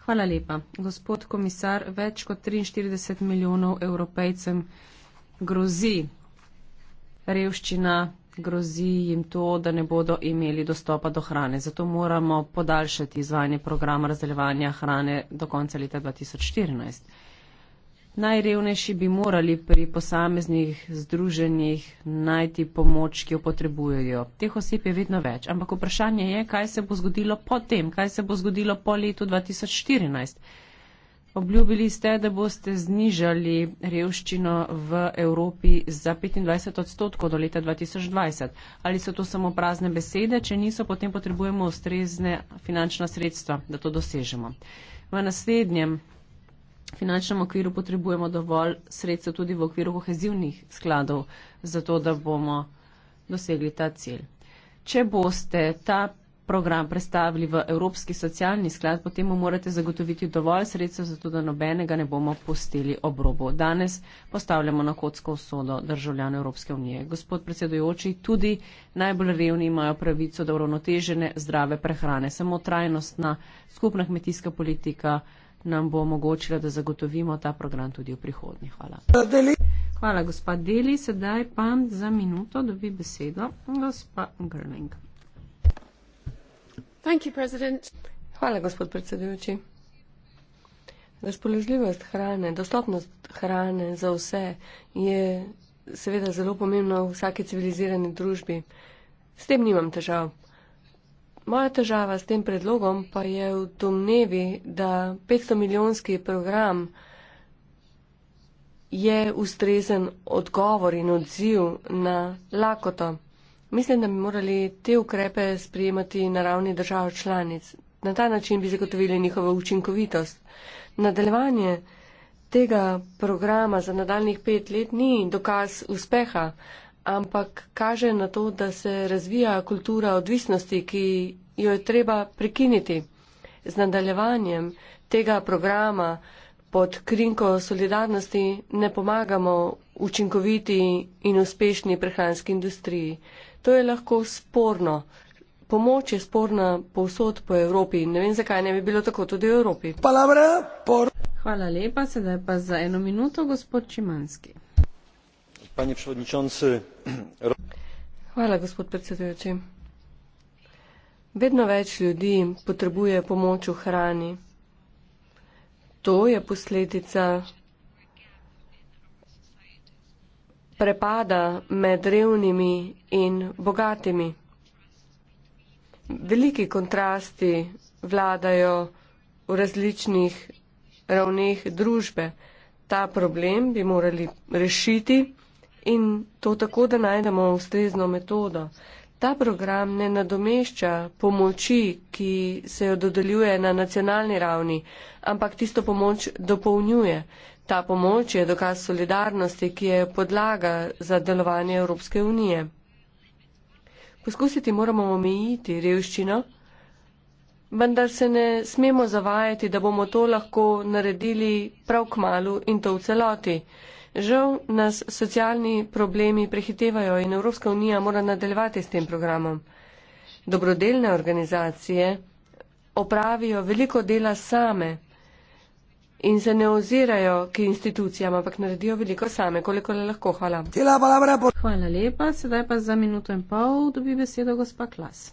Hvala lepa. Gospod komisar, več kot 43 milijonov evropejcem grozi revščina, grozi jim to, da ne bodo imeli dostopa do hrane. Zato moramo podaljšati izvajanje programa razdeljevanja hrane do konca leta 2014. Najrevnejši bi morali pri posameznih združenjih najti pomoč, ki jo potrebujejo. Teh oseb je vedno več, ampak vprašanje je, kaj se bo zgodilo potem, kaj se bo zgodilo po letu 2014. Obljubili ste, da boste znižali revščino v Evropi za 25 odstotkov do leta 2020. Ali so to samo prazne besede, če niso, potem potrebujemo ustrezne finančna sredstva, da to dosežemo. V naslednjem finančnem okviru potrebujemo dovolj sredstev tudi v okviru kohezivnih skladov, zato da bomo dosegli ta cilj. Če boste ta program predstavili v Evropski socialni sklad, potem mu morate zagotoviti dovolj sredstev, zato da nobenega ne bomo pustili ob robu. Danes postavljamo na kocko usodo državljanov Evropske unije. Gospod predsedujoči, tudi najbolj revni imajo pravico do uravnotežene zdrave prehrane. Samo trajnostna skupna kmetijska politika nam bo omogočila, da zagotovimo ta program tudi v prihodnje. Hvala. Hvala, gospa Deli. Sedaj pa za minuto dobi besedo gospa Grling. Hvala, gospod predsedujoči. Razpoložljivost hrane, dostopnost hrane za vse je seveda zelo pomembna v vsaki civilizirani družbi. S tem nimam težav. Moja težava s tem predlogom pa je v domnevi, da 500 milijonski program je ustrezen odgovor in odziv na lakoto. Mislim, da bi morali te ukrepe sprijemati na ravni držav članic. Na ta način bi zagotovili njihovo učinkovitost. Nadaljevanje tega programa za nadaljnih pet let ni dokaz uspeha, ampak kaže na to, da se razvija kultura odvisnosti, ki jo je treba prekiniti. Z nadaljevanjem tega programa pod krinko solidarnosti ne pomagamo učinkoviti in uspešni prehranski industriji. To je lahko sporno. Pomoč je sporna povsod po Evropi. Ne vem, zakaj ne bi bilo tako tudi v Evropi. Hvala lepa, sedaj pa za eno minuto, gospod Čimanski. Vedno več ljudi potrebuje pomoč v hrani. To je posledica prepada med revnimi in bogatimi. Veliki kontrasti vladajo v različnih ravneh družbe. Ta problem bi morali rešiti in to tako, da najdemo ustrezno metodo. Ta program ne nadomešča pomoči, ki se jo dodeljuje na nacionalni ravni, ampak tisto pomoč dopolnjuje. Ta pomoč je dokaz solidarnosti, ki je podlaga za delovanje Evropske unije. Poskusiti moramo omejiti revščino, vendar se ne smemo zavajati, da bomo to lahko naredili prav k malu in to v celoti. Žal nas socialni problemi prehitevajo in Evropska unija mora nadaljevati s tem programom. Dobrodelne organizacije opravijo veliko dela same in se ne ozirajo k institucijam, ampak naredijo veliko same, koliko le lahko. Hvala. Hvala lepa. Sedaj pa za minuto in pol dobi besedo gospa Klas.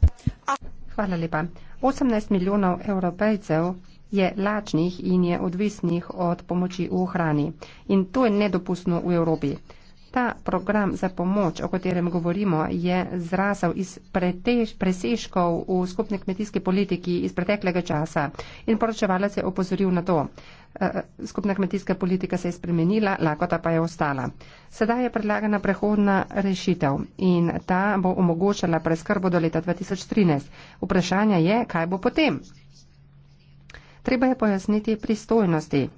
Hvala lepa. 18 milijonov evropejcev je lačnih in je odvisnih od pomoči v hrani. In to je nedopustno v Evropi. Ta program za pomoč, o katerem govorimo, je zrasel iz pretež, presežkov v skupne kmetijske politiki iz preteklega časa. In poročevalec je opozoril na to. E, e, skupna kmetijska politika se je spremenila, lakota pa je ostala. Sedaj je predlagana prehodna rešitev in ta bo omogočala preskrbo do leta 2013. Vprašanje je, kaj bo potem treba je pojasniti pristojnosti.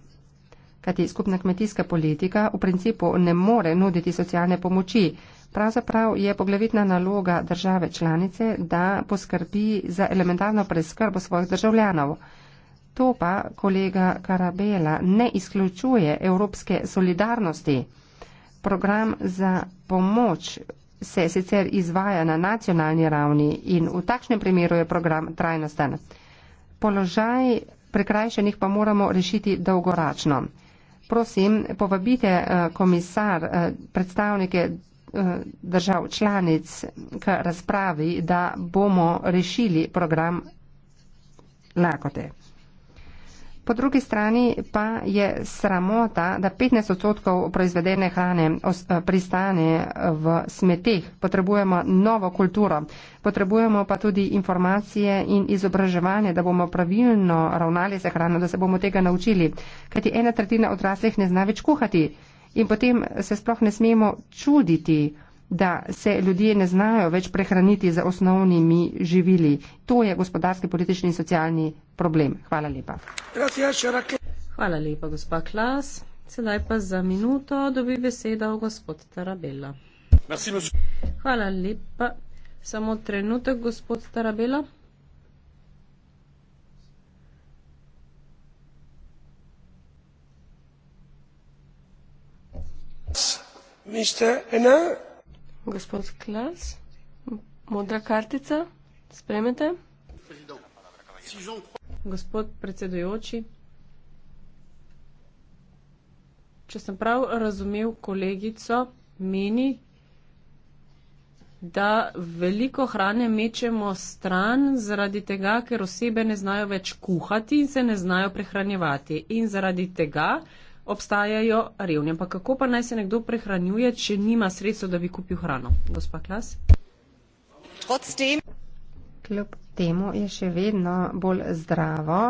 Kajti skupna kmetijska politika v principu ne more nuditi socialne pomoči. Pravzaprav je poglavitna naloga države članice, da poskrbi za elementarno preskrbo svojih državljanov. To pa kolega Karabela ne izključuje evropske solidarnosti. Program za pomoč se sicer izvaja na nacionalni ravni in v takšnem primeru je program trajnosten. Položaj prekrajšenih pa moramo rešiti dolgoračno. Prosim, povabite eh, komisar eh, predstavnike eh, držav članic k razpravi, da bomo rešili program lakote. Po drugi strani pa je sramota, da 15 odstotkov proizvedene hrane eh, pristane eh, v smetih. Potrebujemo novo kulturo, potrebujemo pa tudi informacije in izobraževanje, da bomo pravilno ravnali z hrano, da se bomo tega naučili. Kajti ena tretjina odraslih ne zna več kuhati in potem se sploh ne smemo čuditi, da se ljudje ne znajo več prehraniti z osnovnimi živili. To je gospodarski, politični in socialni problem. Hvala lepa. Hvala lepa, gospa Klas. Sedaj pa za minuto dobi beseda gospod Tarabela. Hvala lepa. Samo trenutek, gospod Tarabela. Mr. Enna? Gospod Klaus, modra kartica, sprejmete? Gospod predsedujoči, če sem prav razumel kolegico, meni, da veliko hrane mečemo stran zaradi tega, ker osebe ne znajo več kuhati in se ne znajo prehranjevati. In zaradi tega, obstajajo revni. Ampak kako pa naj se nekdo prehranjuje, če nima sredstva, da bi kupil hrano? Gospa Klas? Kljub temu je še vedno bolj zdravo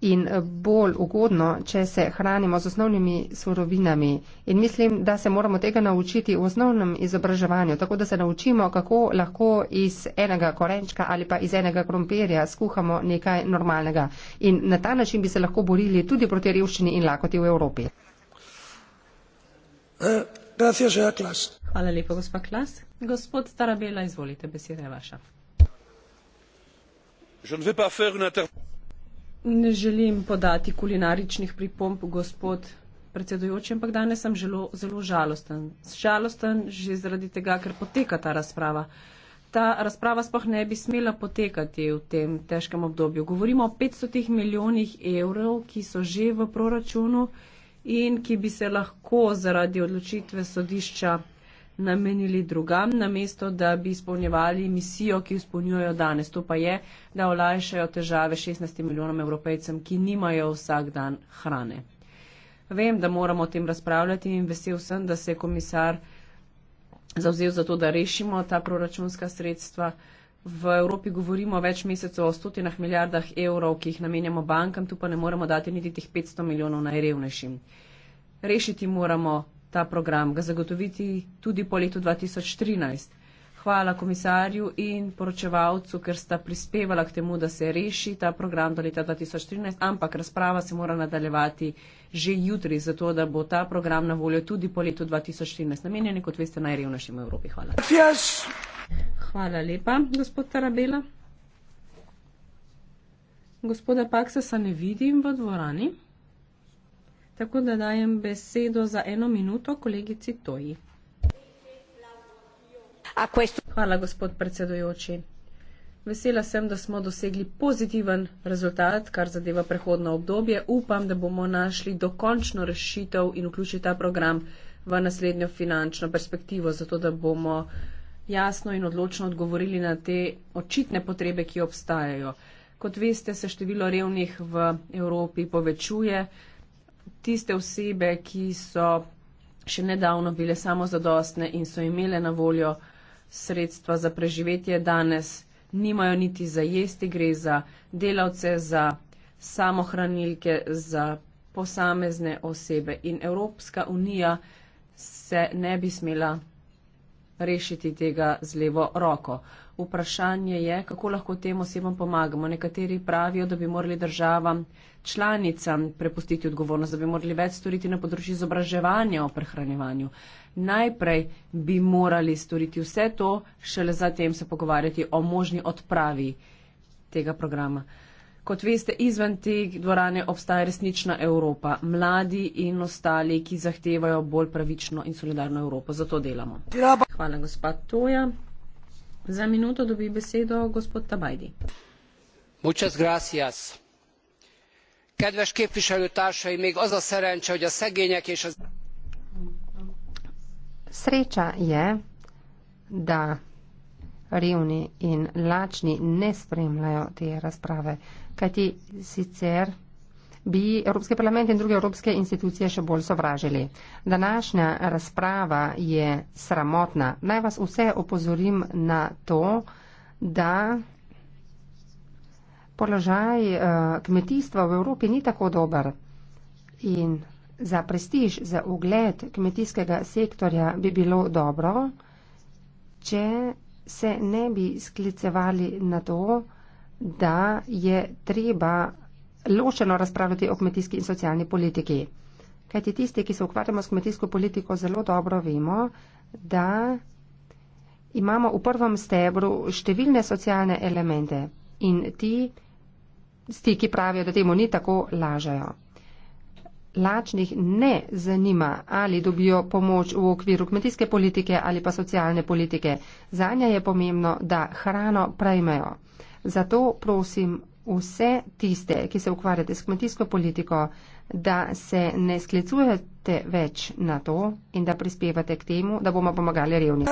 in eh, bolj ugodno, če se hranimo z osnovnimi surovinami. In mislim, da se moramo tega naučiti v osnovnem izobraževanju, tako da se naučimo, kako lahko iz enega korenčka ali pa iz enega krompirja skuhamo nekaj normalnega. In na ta način bi se lahko borili tudi proti revščini in lakoti v Evropi. Eh, Hvala lepa, gospa Klas. Gospod Starabela, izvolite, beseda je vaša ne želim podati kulinaričnih pripomp, gospod predsedujoči, ampak danes sem zelo, zelo žalosten. Žalosten že zaradi tega, ker poteka ta razprava. Ta razprava sploh ne bi smela potekati v tem težkem obdobju. Govorimo o 500 milijonih evrov, ki so že v proračunu in ki bi se lahko zaradi odločitve sodišča namenili drugam, namesto da bi izpolnjevali misijo, ki jo izpolnjujejo danes. To pa je, da olajšajo težave 16 milijonom evropejcem, ki nimajo vsak dan hrane. Vem, da moramo o tem razpravljati in vesel sem, da se je komisar zauzel za to, da rešimo ta proračunska sredstva. V Evropi govorimo več mesecev o stotinah milijardah evrov, ki jih namenjamo bankam, tu pa ne moremo dati niti teh 500 milijonov najrevnejšim. Rešiti moramo ta program, ga zagotoviti tudi po letu 2013. Hvala komisarju in poročevalcu, ker sta prispevala k temu, da se reši ta program do leta 2013, ampak razprava se mora nadaljevati že jutri, zato da bo ta program na voljo tudi po letu 2013, namenjen, kot veste, najrevnejšim v Evropi. Hvala. Hvala lepa, gospod Tarabela. Gospoda Paksa se ne vidim v dvorani. Tako da dajem besedo za eno minuto kolegici Toji. Hvala, gospod predsedujoči. Vesela sem, da smo dosegli pozitiven rezultat, kar zadeva prehodno obdobje. Upam, da bomo našli dokončno rešitev in vključili ta program v naslednjo finančno perspektivo, zato da bomo jasno in odločno odgovorili na te očitne potrebe, ki obstajajo. Kot veste, se število revnih v Evropi povečuje tiste osebe, ki so še nedavno bile samozadostne in so imele na voljo sredstva za preživetje, danes nimajo niti za jesti, gre za delavce, za samohranilke, za posamezne osebe. In Evropska unija se ne bi smela rešiti tega z levo roko. Vprašanje je, kako lahko tem osebam pomagamo. Nekateri pravijo, da bi morali državam članicam prepustiti odgovornost, da bi morali več storiti na področju izobraževanja o prehranjevanju. Najprej bi morali storiti vse to, šele zatem se pogovarjati o možni odpravi tega programa. Kot veste, izven te dvorane obstaja resnična Evropa, mladi in ostali, ki zahtevajo bolj pravično in solidarno Evropo. Zato delamo. Hvala, gospod Toja. Za minuto dobi besedo gospod Tabajdi. Muchas gracias kedves képviselőtársaim még az a szerencse hogy a szegények és az Sreča je, da revni in lačni ne spremljajo te razprave, kajti sicer bi Evropski parlament in druge evropske institucije še bolj sovražili. Današnja razprava je sramotna. Naj vas vse opozorim na to, da položaj eh, kmetijstva v Evropi ni tako dober. In za prestiž, za ugled kmetijskega sektorja bi bilo dobro, če se ne bi sklicevali na to, da je treba ločeno razpravljati o kmetijski in socialni politiki. Kajti tisti, ki se ukvarjamo s kmetijsko politiko, zelo dobro vemo, da imamo v prvem stebru številne socialne elemente in ti Tisti, ki pravijo, da temu ni tako, lažajo. Lačnih ne zanima, ali dobijo pomoč v okviru kmetijske politike ali pa socialne politike. Za nje je pomembno, da hrano prejmejo. Zato prosim vse tiste, ki se ukvarjate s kmetijsko politiko, da se ne sklicujete več na to in da prispevate k temu, da bomo pomagali revni.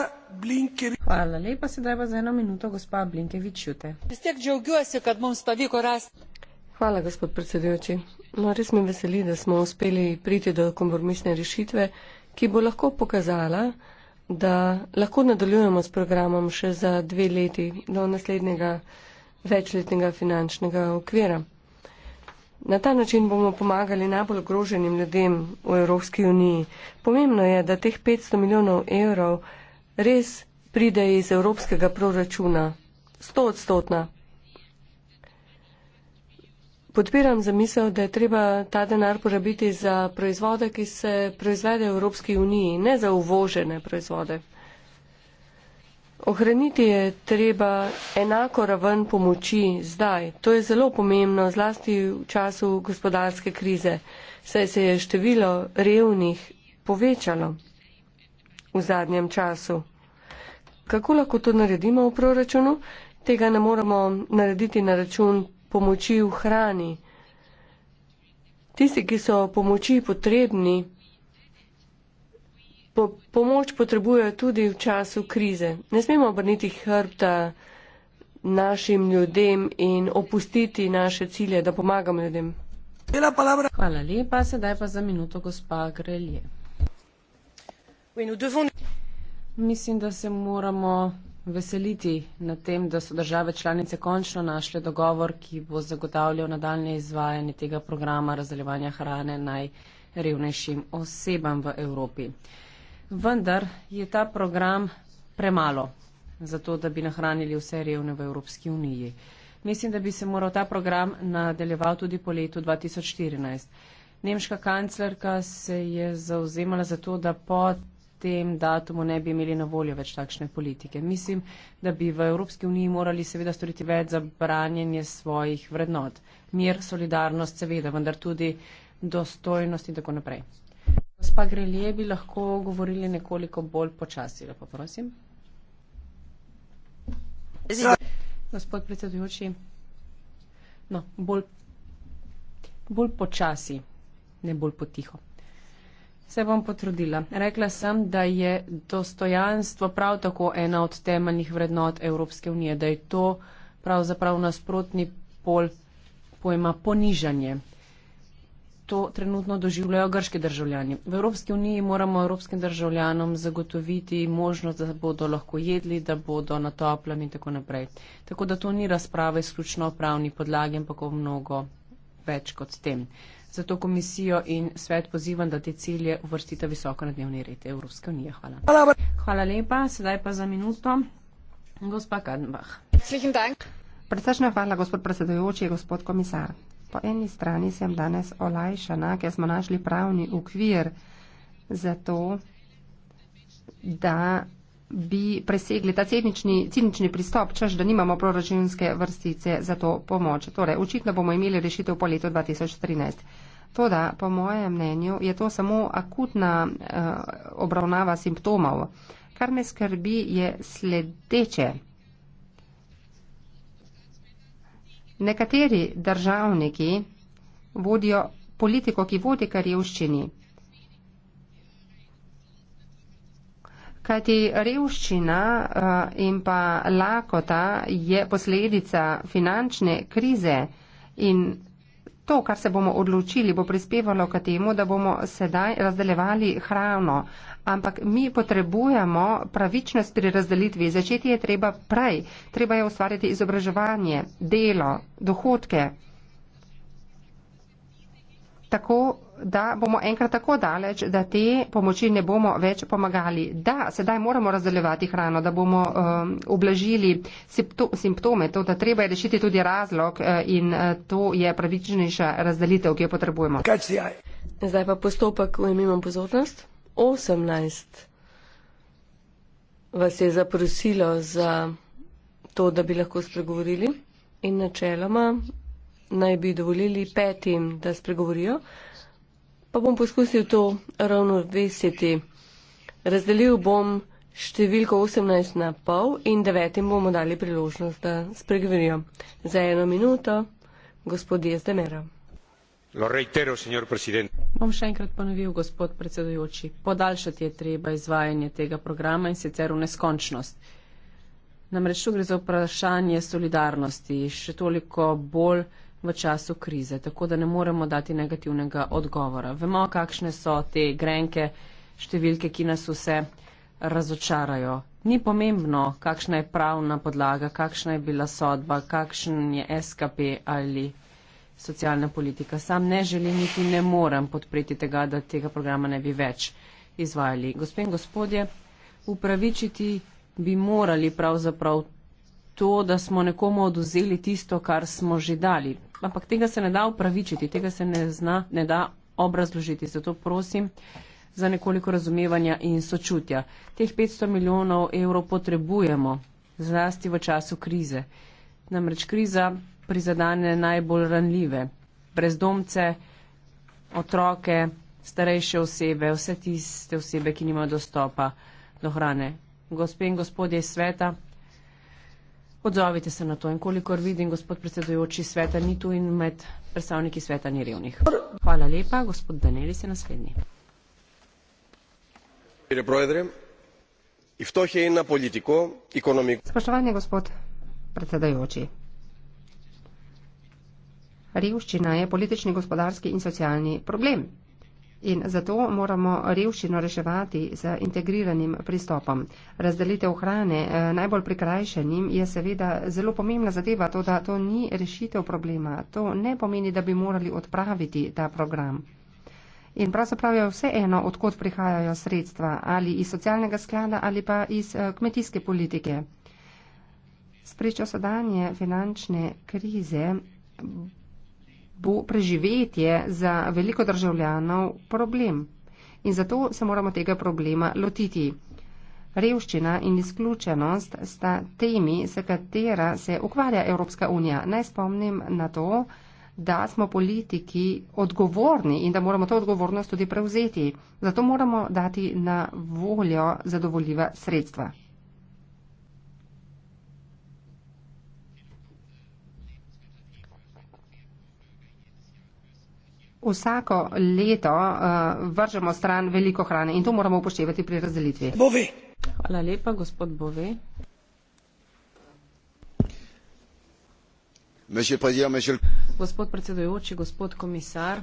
Hvala lepa, sedaj pa za eno minuto, gospa Blinkevič, jute. Hvala, gospod predsedujoči. No, res me veseli, da smo uspeli priti do kompromisne rešitve, ki bo lahko pokazala, da lahko nadaljujemo s programom še za dve leti do naslednjega večletnega finančnega okvira. Na ta način bomo pomagali najbolj groženim ljudem v Evropski uniji. Pomembno je, da teh 500 milijonov evrov res pride iz evropskega proračuna. 100 odstotna. Podpiram zamisel, da je treba ta denar porabiti za proizvode, ki se proizvede v Evropski uniji, ne za uvožene proizvode. Ohraniti je treba enako raven pomoči zdaj. To je zelo pomembno, zlasti v času gospodarske krize, saj se je število revnih povečalo v zadnjem času. Kako lahko to naredimo v proračunu? Tega ne moremo narediti na račun pomoči v hrani. Tisti, ki so pomoči potrebni, po pomoč potrebujejo tudi v času krize. Ne smemo obrniti hrbta našim ljudem in opustiti naše cilje, da pomagamo ljudem. Hvala lepa, sedaj pa za minuto gospa Grelje. Mislim, da se moramo veseliti na tem, da so države članice končno našle dogovor, ki bo zagotavljal nadaljne izvajanje tega programa razdeljevanja hrane najrevnejšim osebam v Evropi vendar je ta program premalo za to, da bi nahranili vse revne v Evropski uniji. Mislim, da bi se moral ta program nadaljeval tudi po letu 2014. Nemška kanclerka se je zauzemala za to, da po tem datumu ne bi imeli na voljo več takšne politike. Mislim, da bi v Evropski uniji morali seveda storiti več za branjenje svojih vrednot. Mir, solidarnost, seveda, vendar tudi dostojnost in tako naprej gospa Grelje, bi lahko govorili nekoliko bolj počasi, lepo prosim. Zdaj, gospod predsedujoči, no, bolj, bolj počasi, ne bolj potiho. Se bom potrudila. Rekla sem, da je dostojanstvo prav tako ena od temeljnih vrednot Evropske unije, da je to pravzaprav nasprotni pol pojma ponižanje to trenutno doživljajo grški državljani. V Evropski uniji moramo evropskim državljanom zagotoviti možnost, da bodo lahko jedli, da bodo na toplem in tako naprej. Tako da to ni razprava izključno o pravni podlagi, ampak o mnogo več kot tem. Zato komisijo in svet pozivam, da te cilje uvrstite visoko na dnevni red Evropske unije. Hvala. Hvala lepa. Sedaj pa za minuto. Gospa Kadenbach. Predsečna hvala, gospod predsedujoči, gospod komisar. Po eni strani sem danes olajšana, ker smo našli pravni ukvir za to, da bi presegli ta cinični, cinični pristop, čež da nimamo proračunske vrstice za to pomoč. Torej, očitno bomo imeli rešitev po letu 2013. Toda, po mojem mnenju, je to samo akutna eh, obravnava simptomov. Kar me skrbi je sledeče. Nekateri državniki vodijo politiko, ki vodi kar revščini. Kajti revščina eh, in pa lakota je posledica finančne krize in to, kar se bomo odločili, bo prispevalo k temu, da bomo sedaj razdelevali hrano, ampak mi potrebujemo pravičnost pri razdelitvi. Začeti je treba prej, treba je ustvariti izobraževanje, delo, dohodke. Tako da bomo enkrat tako daleč, da te pomoči ne bomo več pomagali. Da, sedaj moramo razdeljevati hrano, da bomo um, oblažili simptome, to, da treba je rešiti tudi razlog eh, in eh, to je pravičnejša razdelitev, ki jo potrebujemo. Zdaj pa postopek v imenu pozornosti. 18 vas je zaprosilo za to, da bi lahko spregovorili in načeloma naj bi dovolili petim, da spregovorijo. Pa bom poskusil to ravnovesiti. Razdelil bom številko 18 na pol in devetim bomo dali priložnost, da spregovorijo. Za eno minuto, gospod Jezdemera bom še enkrat ponovil gospod predsedujoči podaljšati je treba izvajanje tega programa in sicer v neskončnost namreč tu gre za vprašanje solidarnosti še toliko bolj v času krize tako da ne moremo dati negativnega odgovora vemo kakšne so te grenke številke ki nas vse razočarajo ni pomembno kakšna je pravna podlaga kakšna je bila sodba kakšen je skp ali socialna politika. Sam ne želim niti ne morem podpreti tega, da tega programa ne bi več izvajali. Gospe in gospodje, upravičiti bi morali pravzaprav to, da smo nekomu oduzeli tisto, kar smo že dali. Ampak tega se ne da upravičiti, tega se ne, zna, ne da obrazložiti. Zato prosim za nekoliko razumevanja in sočutja. Teh 500 milijonov evrov potrebujemo, zlasti v času krize. Namreč kriza prizadene najbolj ranljive, brezdomce, otroke, starejše osebe, vse tiste osebe, ki nimajo dostopa do hrane. Gospe in gospodje iz sveta, odzovite se na to in kolikor vidim, gospod predsedujoči sveta ni tu in med predstavniki sveta ni revnih. Hvala lepa, gospod Danelis je naslednji. Spoštovani gospod predsedajoči, revščina je politični, gospodarski in socialni problem. In zato moramo revščino reševati z integriranim pristopom. Razdelitev hrane eh, najbolj prikrajšenim je seveda zelo pomembna zadeva, to da to ni rešitev problema. To ne pomeni, da bi morali odpraviti ta program. In pravzaprav je vse eno, odkot prihajajo sredstva, ali iz socialnega sklada ali pa iz eh, kmetijske politike. Spričo sedanje finančne krize bo preživetje za veliko državljanov problem. In zato se moramo tega problema lotiti. Revščina in izključenost sta temi, s katera se ukvarja Evropska unija. Naj spomnim na to, da smo politiki odgovorni in da moramo to odgovornost tudi prevzeti. Zato moramo dati na voljo zadovoljiva sredstva. vsako leto uh, vržemo stran veliko hrane in to moramo upoštevati pri razdelitvi. Bove. Hvala lepa, gospod Bove. Gospod predsedujoči, gospod komisar,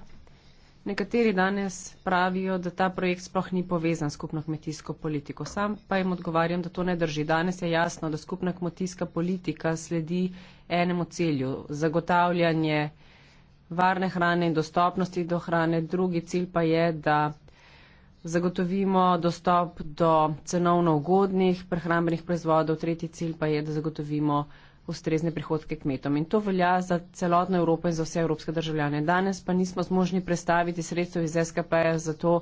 nekateri danes pravijo, da ta projekt sploh ni povezan s skupno kmetijsko politiko. Sam pa jim odgovarjam, da to ne drži. Danes je jasno, da skupna kmetijska politika sledi enemu celju, zagotavljanje varne hrane in dostopnosti do hrane, drugi cilj pa je, da zagotovimo dostop do cenovno ugodnih prehrambenih proizvodov, tretji cilj pa je, da zagotovimo ustrezne prihodke kmetom. In to velja za celotno Evropo in za vse evropske državljane. Danes pa nismo zmožni predstaviti sredstvo iz SKP-ja za to,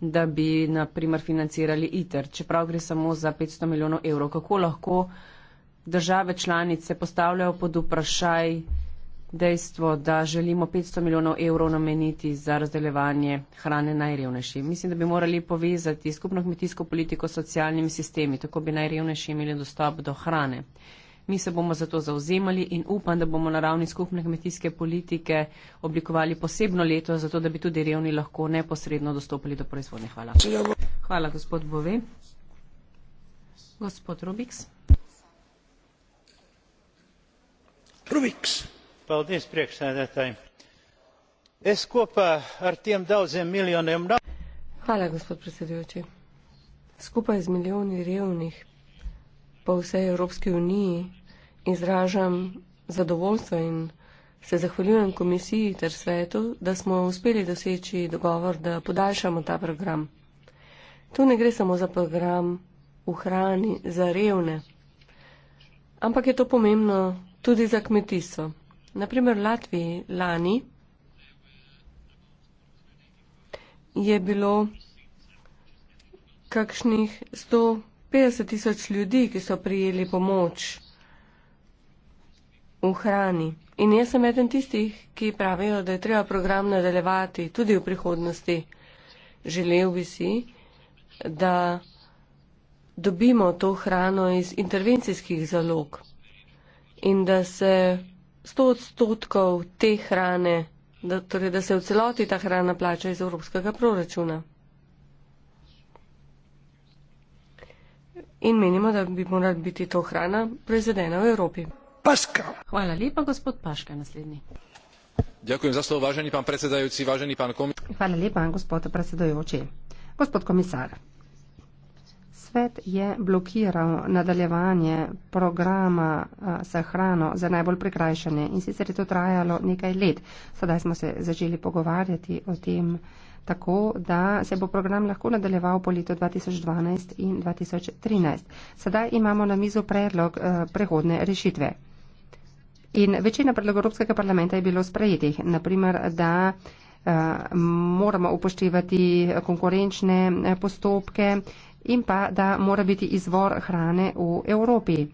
da bi, na primer, financirali ITER, čeprav gre samo za 500 milijonov evrov. Kako lahko države članice postavljajo pod vprašaj dejstvo, da želimo 500 milijonov evrov nameniti za razdeljevanje hrane najrevnejšim. Mislim, da bi morali povezati skupno kmetijsko politiko s socialnimi sistemi, tako bi najrevnejši imeli dostop do hrane. Mi se bomo za to zauzemali in upam, da bomo na ravni skupne kmetijske politike oblikovali posebno leto, zato da bi tudi revni lahko neposredno dostopili do proizvodnje. Hvala. Hvala, gospod Bove. Gospod Rubiks. Rubiks paldies priekšsēdētāji es kopā ar tiem daudziem miljoniem no- Hvala, gospod predsedujoči. Skupaj z milijoni revnih po vsej Evropski uniji izražam zadovoljstvo in se zahvaljujem komisiji ter svetu, da smo uspeli doseči dogovor, da podaljšamo ta program. Tu ne gre samo za program v hrani za revne, ampak je to pomembno tudi za kmetijstvo. Naprimer v Latviji lani je bilo kakšnih 150 tisoč ljudi, ki so prijeli pomoč v hrani. In jaz sem eden tistih, ki pravijo, da je treba program nadaljevati tudi v prihodnosti. Želel bi si, da dobimo to hrano iz intervencijskih zalog in da se 100 odstotkov te hrane, da, torej, da se v celoti ta hrana plača iz evropskega proračuna. In menimo, da bi morala biti to hrana proizvedena v Evropi. Paška. Hvala lepa, gospod Paška, naslednji. Ďakujem za slovo, vážený pán predsedajúci, vážený pán komisár. Hvala lepa, gospod predsedajúci. Gospod komisár, svet je blokiral nadaljevanje programa za hrano za najbolj prikrajšane in sicer je to trajalo nekaj let. Sedaj smo se začeli pogovarjati o tem tako, da se bo program lahko nadaljeval po letu 2012 in 2013. Sedaj imamo na mizu predlog prehodne rešitve. In večina predlogov Evropskega parlamenta je bilo sprejetih. Naprimer, da moramo upoštevati konkurenčne postopke, in pa da mora biti izvor hrane v Evropi.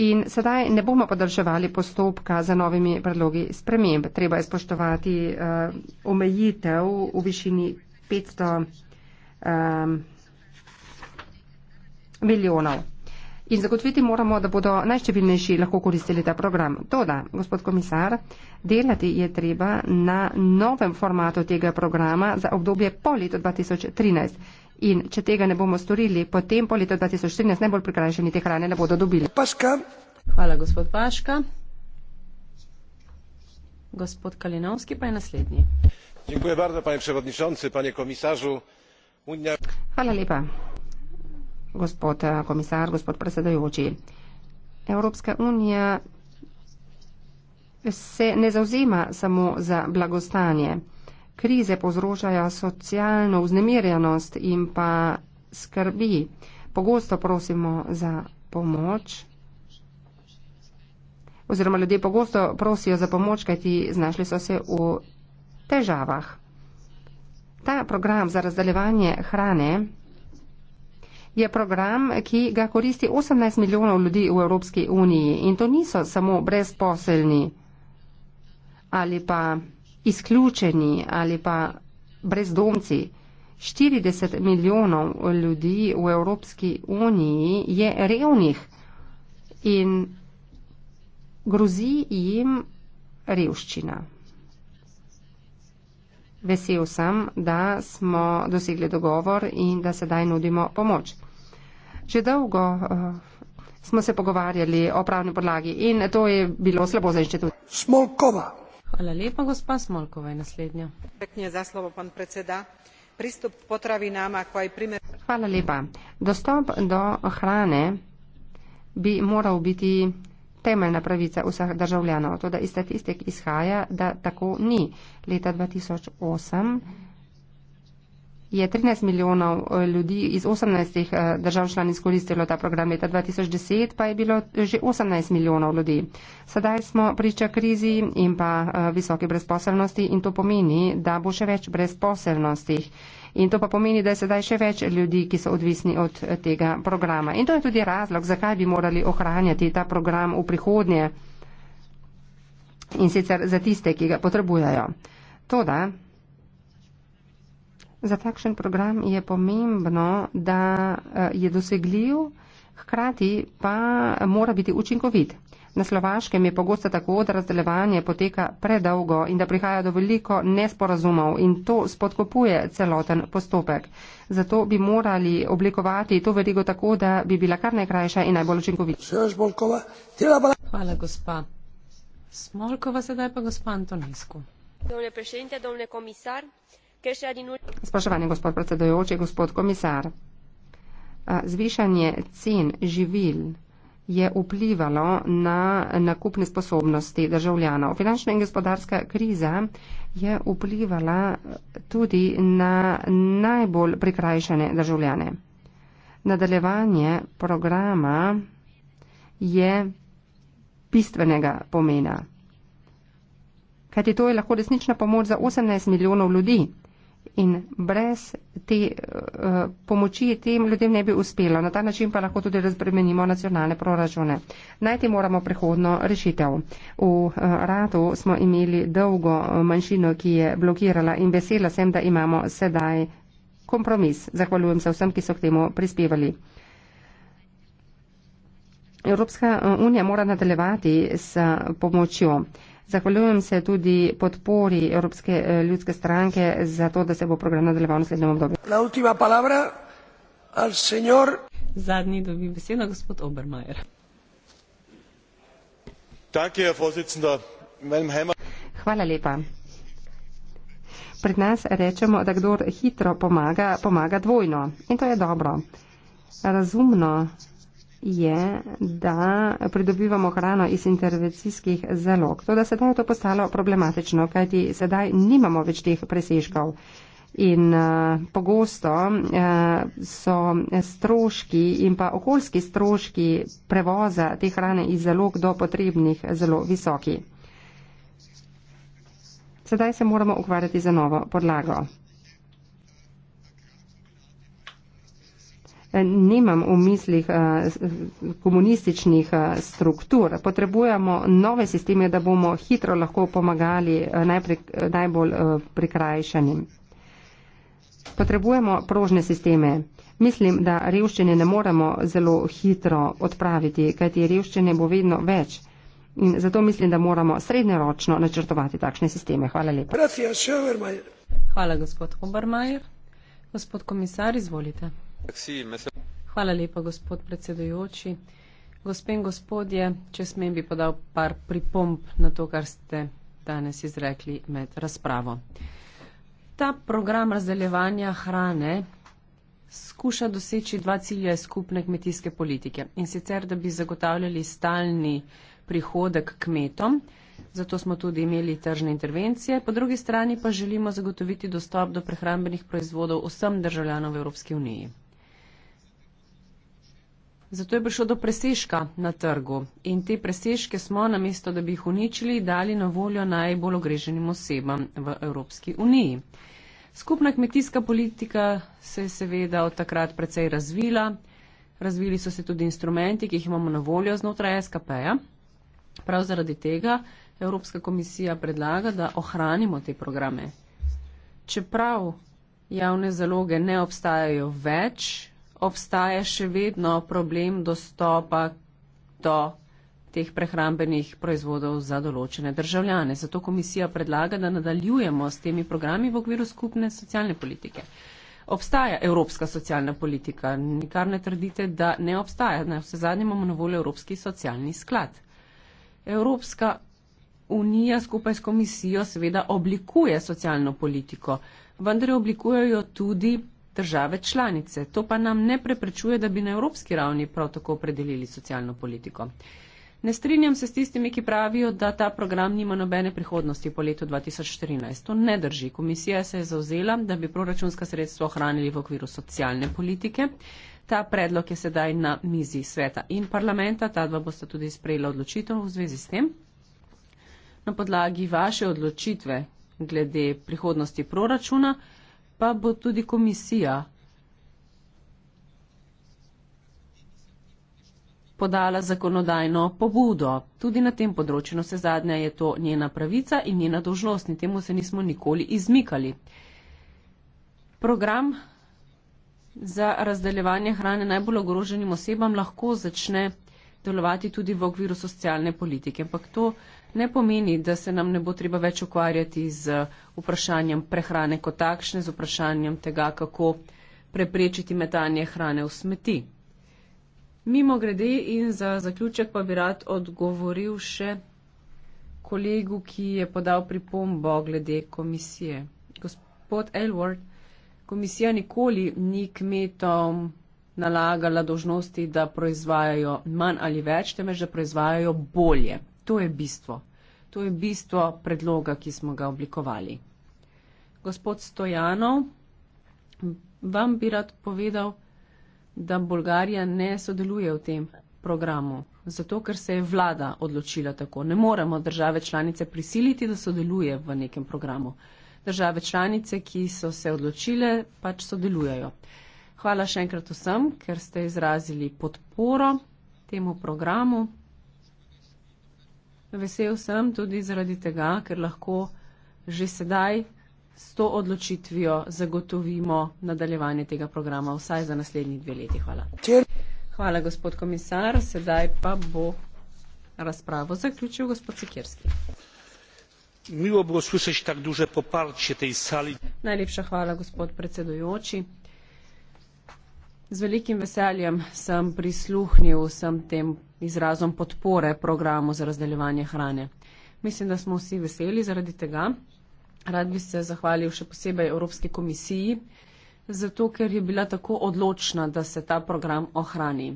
In sedaj ne bomo podaljševali postopka za novimi predlogi sprememb. Treba je spoštovati uh, omejitev v višini 500 um, eh, milijonov in zagotoviti moramo, da bodo najštevilnejši lahko koristili ta program. Toda, gospod komisar, delati je treba na novem formatu tega programa za obdobje po letu 2013. In če tega ne bomo storili, potem po letu 2014 najbolj prikrajšani te hrane ne bodo dobili. Paška. Hvala, gospod Paška. Gospod Kalinovski pa je naslednji. Dziękuję bardzo, panie przewodniczący, panie komisarzu. Unia... Hvala lepa gospod eh, komisar, gospod predsedajoči. Evropska unija se ne zauzema samo za blagostanje. Krize povzročajo socialno vznemirjenost in pa skrbi. Pogosto prosimo za pomoč. Oziroma ljudje pogosto prosijo za pomoč, kajti znašli so se v težavah. Ta program za razdaljevanje hrane je program, ki ga koristi 18 milijonov ljudi v Evropski uniji in to niso samo brezposelni ali pa izključeni ali pa brezdomci. 40 milijonov ljudi v Evropski uniji je revnih in grozi jim revščina. Vesel sem, da smo dosegli dogovor in da sedaj nudimo pomoč. Že dolgo uh, smo se pogovarjali o pravni podlagi in to je bilo slabo za inštitut. Smolkova. Hvala lepa, gospa Smolkova je naslednja. Pekne za slovo, pan predseda. Pristop potravi nama, ko je primer. Hvala lepa. Dostop do hrane bi moral biti temeljna pravica vseh državljanov. Toda iz statistik izhaja, da tako ni. Leta 2008 je 13 milijonov eh, ljudi iz 18 eh, držav članic koristilo ta program, leta 2010 pa je bilo že 18 milijonov ljudi. Sedaj smo priča krizi in pa eh, visoki brezposelnosti in to pomeni, da bo še več brezposelnosti. In to pa pomeni, da je sedaj še več ljudi, ki so odvisni od eh, tega programa. In to je tudi razlog, zakaj bi morali ohranjati ta program v prihodnje in sicer za tiste, ki ga potrebujajo. Toda, za takšen program je pomembno, da eh, je dosegljiv, hkrati pa mora biti učinkovit. Na slovaškem je pogosto tako, da razdelevanje poteka predolgo in da prihaja do veliko nesporazumov in to spodkopuje celoten postopek. Zato bi morali oblikovati to verigo tako, da bi bila kar najkrajša in najbolj učinkovita. Hvala, gospa. Smolkova sedaj pa gospa Antonisku. Spraševanje, gospod predsedojoči, gospod komisar. Zvišanje cen živil je vplivalo na nakupne sposobnosti državljanov. Finančna in gospodarska kriza je vplivala tudi na najbolj prikrajšane državljane. Nadaljevanje programa je bistvenega pomena. Kajti to je lahko resnična pomoč za 18 milijonov ljudi in brez te uh, pomoči tem ljudem ne bi uspelo. Na ta način pa lahko tudi razbremenimo nacionalne proračune. Najti moramo prehodno rešitev. V uh, ratu smo imeli dolgo eh, manjšino, ki je blokirala in vesela sem, da imamo sedaj kompromis. Zahvaljujem se vsem, ki so k temu prispevali. Evropska unija mora nadaljevati s pomočjo. Uh, Zahvaljujem se tudi podpori Evropske eh, ljudske stranke za to, da se bo program nadaljeval v naslednjem obdobju. Zadnji dobi besedo gospod Obermajer. Hvala lepa. Pred nas rečemo, da kdor hitro pomaga, pomaga dvojno. In to je dobro. Razumno je, da pridobivamo hrano iz intervencijskih zalog. To, da sedaj je to postalo problematično, kajti sedaj nimamo več teh presežkov. In uh, pogosto uh, so stroški in pa okoljski stroški prevoza te hrane iz zalog do potrebnih zelo visoki. Sedaj se moramo ukvarjati za novo podlago. nimam v mislih eh, komunističnih eh, struktur. Potrebujemo nove sisteme, da bomo hitro lahko pomagali eh, najprej, najbolj prikrajšanim. Potrebujemo prožne sisteme. Mislim, da revščine ne moremo zelo hitro odpraviti, kajti revščine bo vedno več. In zato mislim, da moramo srednjeročno načrtovati takšne sisteme. Hvala lepa. Hvala, gospod Obermajer. Gospod komisar, izvolite. Hvala lepa, gospod predsedujoči. Gospe in gospodje, če smem bi podal par pripomb na to, kar ste danes izrekli med razpravo. Ta program razdeljevanja hrane skuša doseči dva cilja skupne kmetijske politike. In sicer, da bi zagotavljali stalni prihodek kmetom, zato smo tudi imeli tržne intervencije, po drugi strani pa želimo zagotoviti dostop do prehrambenih proizvodov vsem državljanom v Evropski uniji. Zato je prišlo do presežka na trgu in te presežke smo, namesto da bi jih uničili, dali na voljo najbolj ogreženim osebam v Evropski uniji. Skupna kmetijska politika se je seveda od takrat precej razvila. Razvili so se tudi instrumenti, ki jih imamo na voljo znotraj SKP-ja. Prav zaradi tega Evropska komisija predlaga, da ohranimo te programe. Čeprav javne zaloge ne obstajajo več, obstaja še vedno problem dostopa do teh prehrambenih proizvodov za določene državljane. Zato komisija predlaga, da nadaljujemo s temi programi v okviru skupne socialne politike. Obstaja evropska socialna politika, nikar ne trdite, da ne obstaja. Na vse zadnje imamo na voljo Evropski socialni sklad. Evropska unija skupaj s komisijo seveda oblikuje socialno politiko, vendar jo oblikujejo tudi države članice. To pa nam ne preprečuje, da bi na evropski ravni prav tako opredelili socialno politiko. Ne strinjam se s tistimi, ki pravijo, da ta program nima nobene prihodnosti po letu 2014. To ne drži. Komisija se je zauzela, da bi proračunska sredstva ohranili v okviru socialne politike. Ta predlog je sedaj na mizi sveta in parlamenta. Ta dva bosta tudi sprejela odločitev v zvezi s tem. Na podlagi vaše odločitve glede prihodnosti proračuna pa bo tudi komisija podala zakonodajno pobudo. Tudi na tem področju no se zadnja je to njena pravica in njena dožnost in temu se nismo nikoli izmikali. Program za razdeljevanje hrane najbolj ogroženim osebam lahko začne delovati tudi v okviru socialne politike, ampak to ne pomeni, da se nam ne bo treba več ukvarjati z vprašanjem prehrane kot takšne, z vprašanjem tega, kako preprečiti metanje hrane v smeti. Mimo grede in za zaključek pa bi rad odgovoril še kolegu, ki je podal pripombo glede komisije. Gospod Elward, komisija nikoli ni kmetom nalagala dožnosti, da proizvajajo manj ali več, temveč da proizvajajo bolje. To je bistvo. To je bistvo predloga, ki smo ga oblikovali. Gospod Stojanov, vam bi rad povedal, da Bolgarija ne sodeluje v tem programu, zato ker se je vlada odločila tako. Ne moremo države članice prisiliti, da sodeluje v nekem programu. Države članice, ki so se odločile, pač sodelujejo. Hvala še enkrat vsem, ker ste izrazili podporo temu programu. Vesel sem tudi zaradi tega, ker lahko že sedaj s to odločitvijo zagotovimo nadaljevanje tega programa, vsaj za naslednji dve leti. Hvala. Hvala, gospod komisar. Sedaj pa bo razpravo zaključil gospod Sikirski. Miro bo slišati tako duže poparče tej sali. Najlepša hvala, gospod predsedujoči. Z velikim veseljem sem prisluhnil vsem tem izrazom podpore programu za razdeljevanje hrane. Mislim, da smo vsi veseli zaradi tega. Rad bi se zahvalil še posebej Evropski komisiji, zato ker je bila tako odločna, da se ta program ohrani.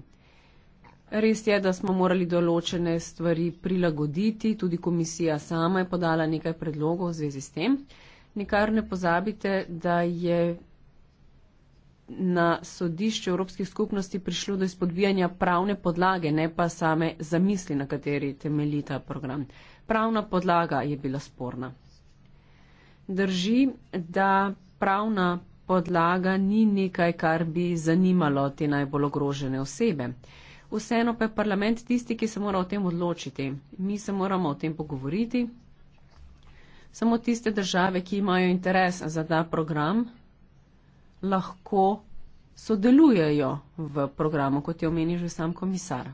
Res je, da smo morali določene stvari prilagoditi, tudi komisija sama je podala nekaj predlogov v zvezi s tem. Nikar ne pozabite, da je na sodišču Evropskih skupnosti prišlo do izpodbijanja pravne podlage, ne pa same zamisli, na kateri temelji ta program. Pravna podlaga je bila sporna. Drži, da pravna podlaga ni nekaj, kar bi zanimalo te najbolj ogrožene osebe. Vseeno pa je parlament tisti, ki se mora o tem odločiti. Mi se moramo o tem pogovoriti. Samo tiste države, ki imajo interes za ta program, lahko sodelujejo v programu, kot je omenil že sam komisar.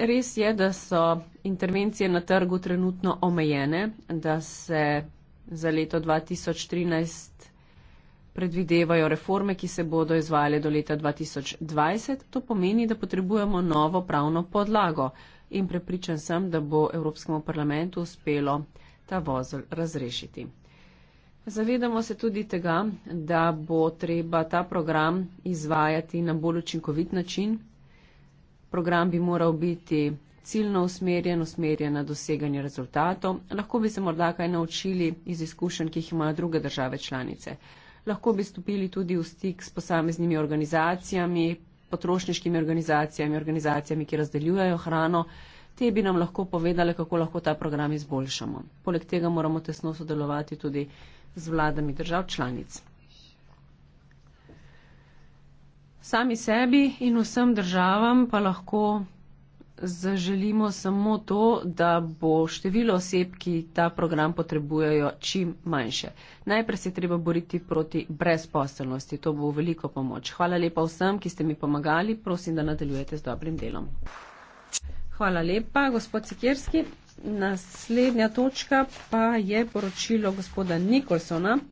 Res je, da so intervencije na trgu trenutno omejene, da se za leto 2013 predvidevajo reforme, ki se bodo izvajale do leta 2020. To pomeni, da potrebujemo novo pravno podlago in prepričan sem, da bo Evropskemu parlamentu uspelo ta vozel razrešiti. Zavedamo se tudi tega, da bo treba ta program izvajati na bolj učinkovit način. Program bi moral biti ciljno usmerjen, usmerjen na doseganje rezultatov. Lahko bi se morda kaj naučili iz izkušenj, ki jih imajo druge države članice. Lahko bi stopili tudi v stik s posameznimi organizacijami, potrošniškimi organizacijami, organizacijami, ki razdeljujejo hrano. Te bi nam lahko povedale, kako lahko ta program izboljšamo. Poleg tega moramo tesno sodelovati tudi z vladami držav članic. Sami sebi in vsem državam pa lahko zaželimo samo to, da bo število oseb, ki ta program potrebujejo, čim manjše. Najprej se treba boriti proti brezposelnosti. To bo veliko pomoč. Hvala lepa vsem, ki ste mi pomagali. Prosim, da nadaljujete z dobrim delom. Hvala lepa, gospod Sikirski. Naslednja točka pa je poročilo gospoda Nikolsona.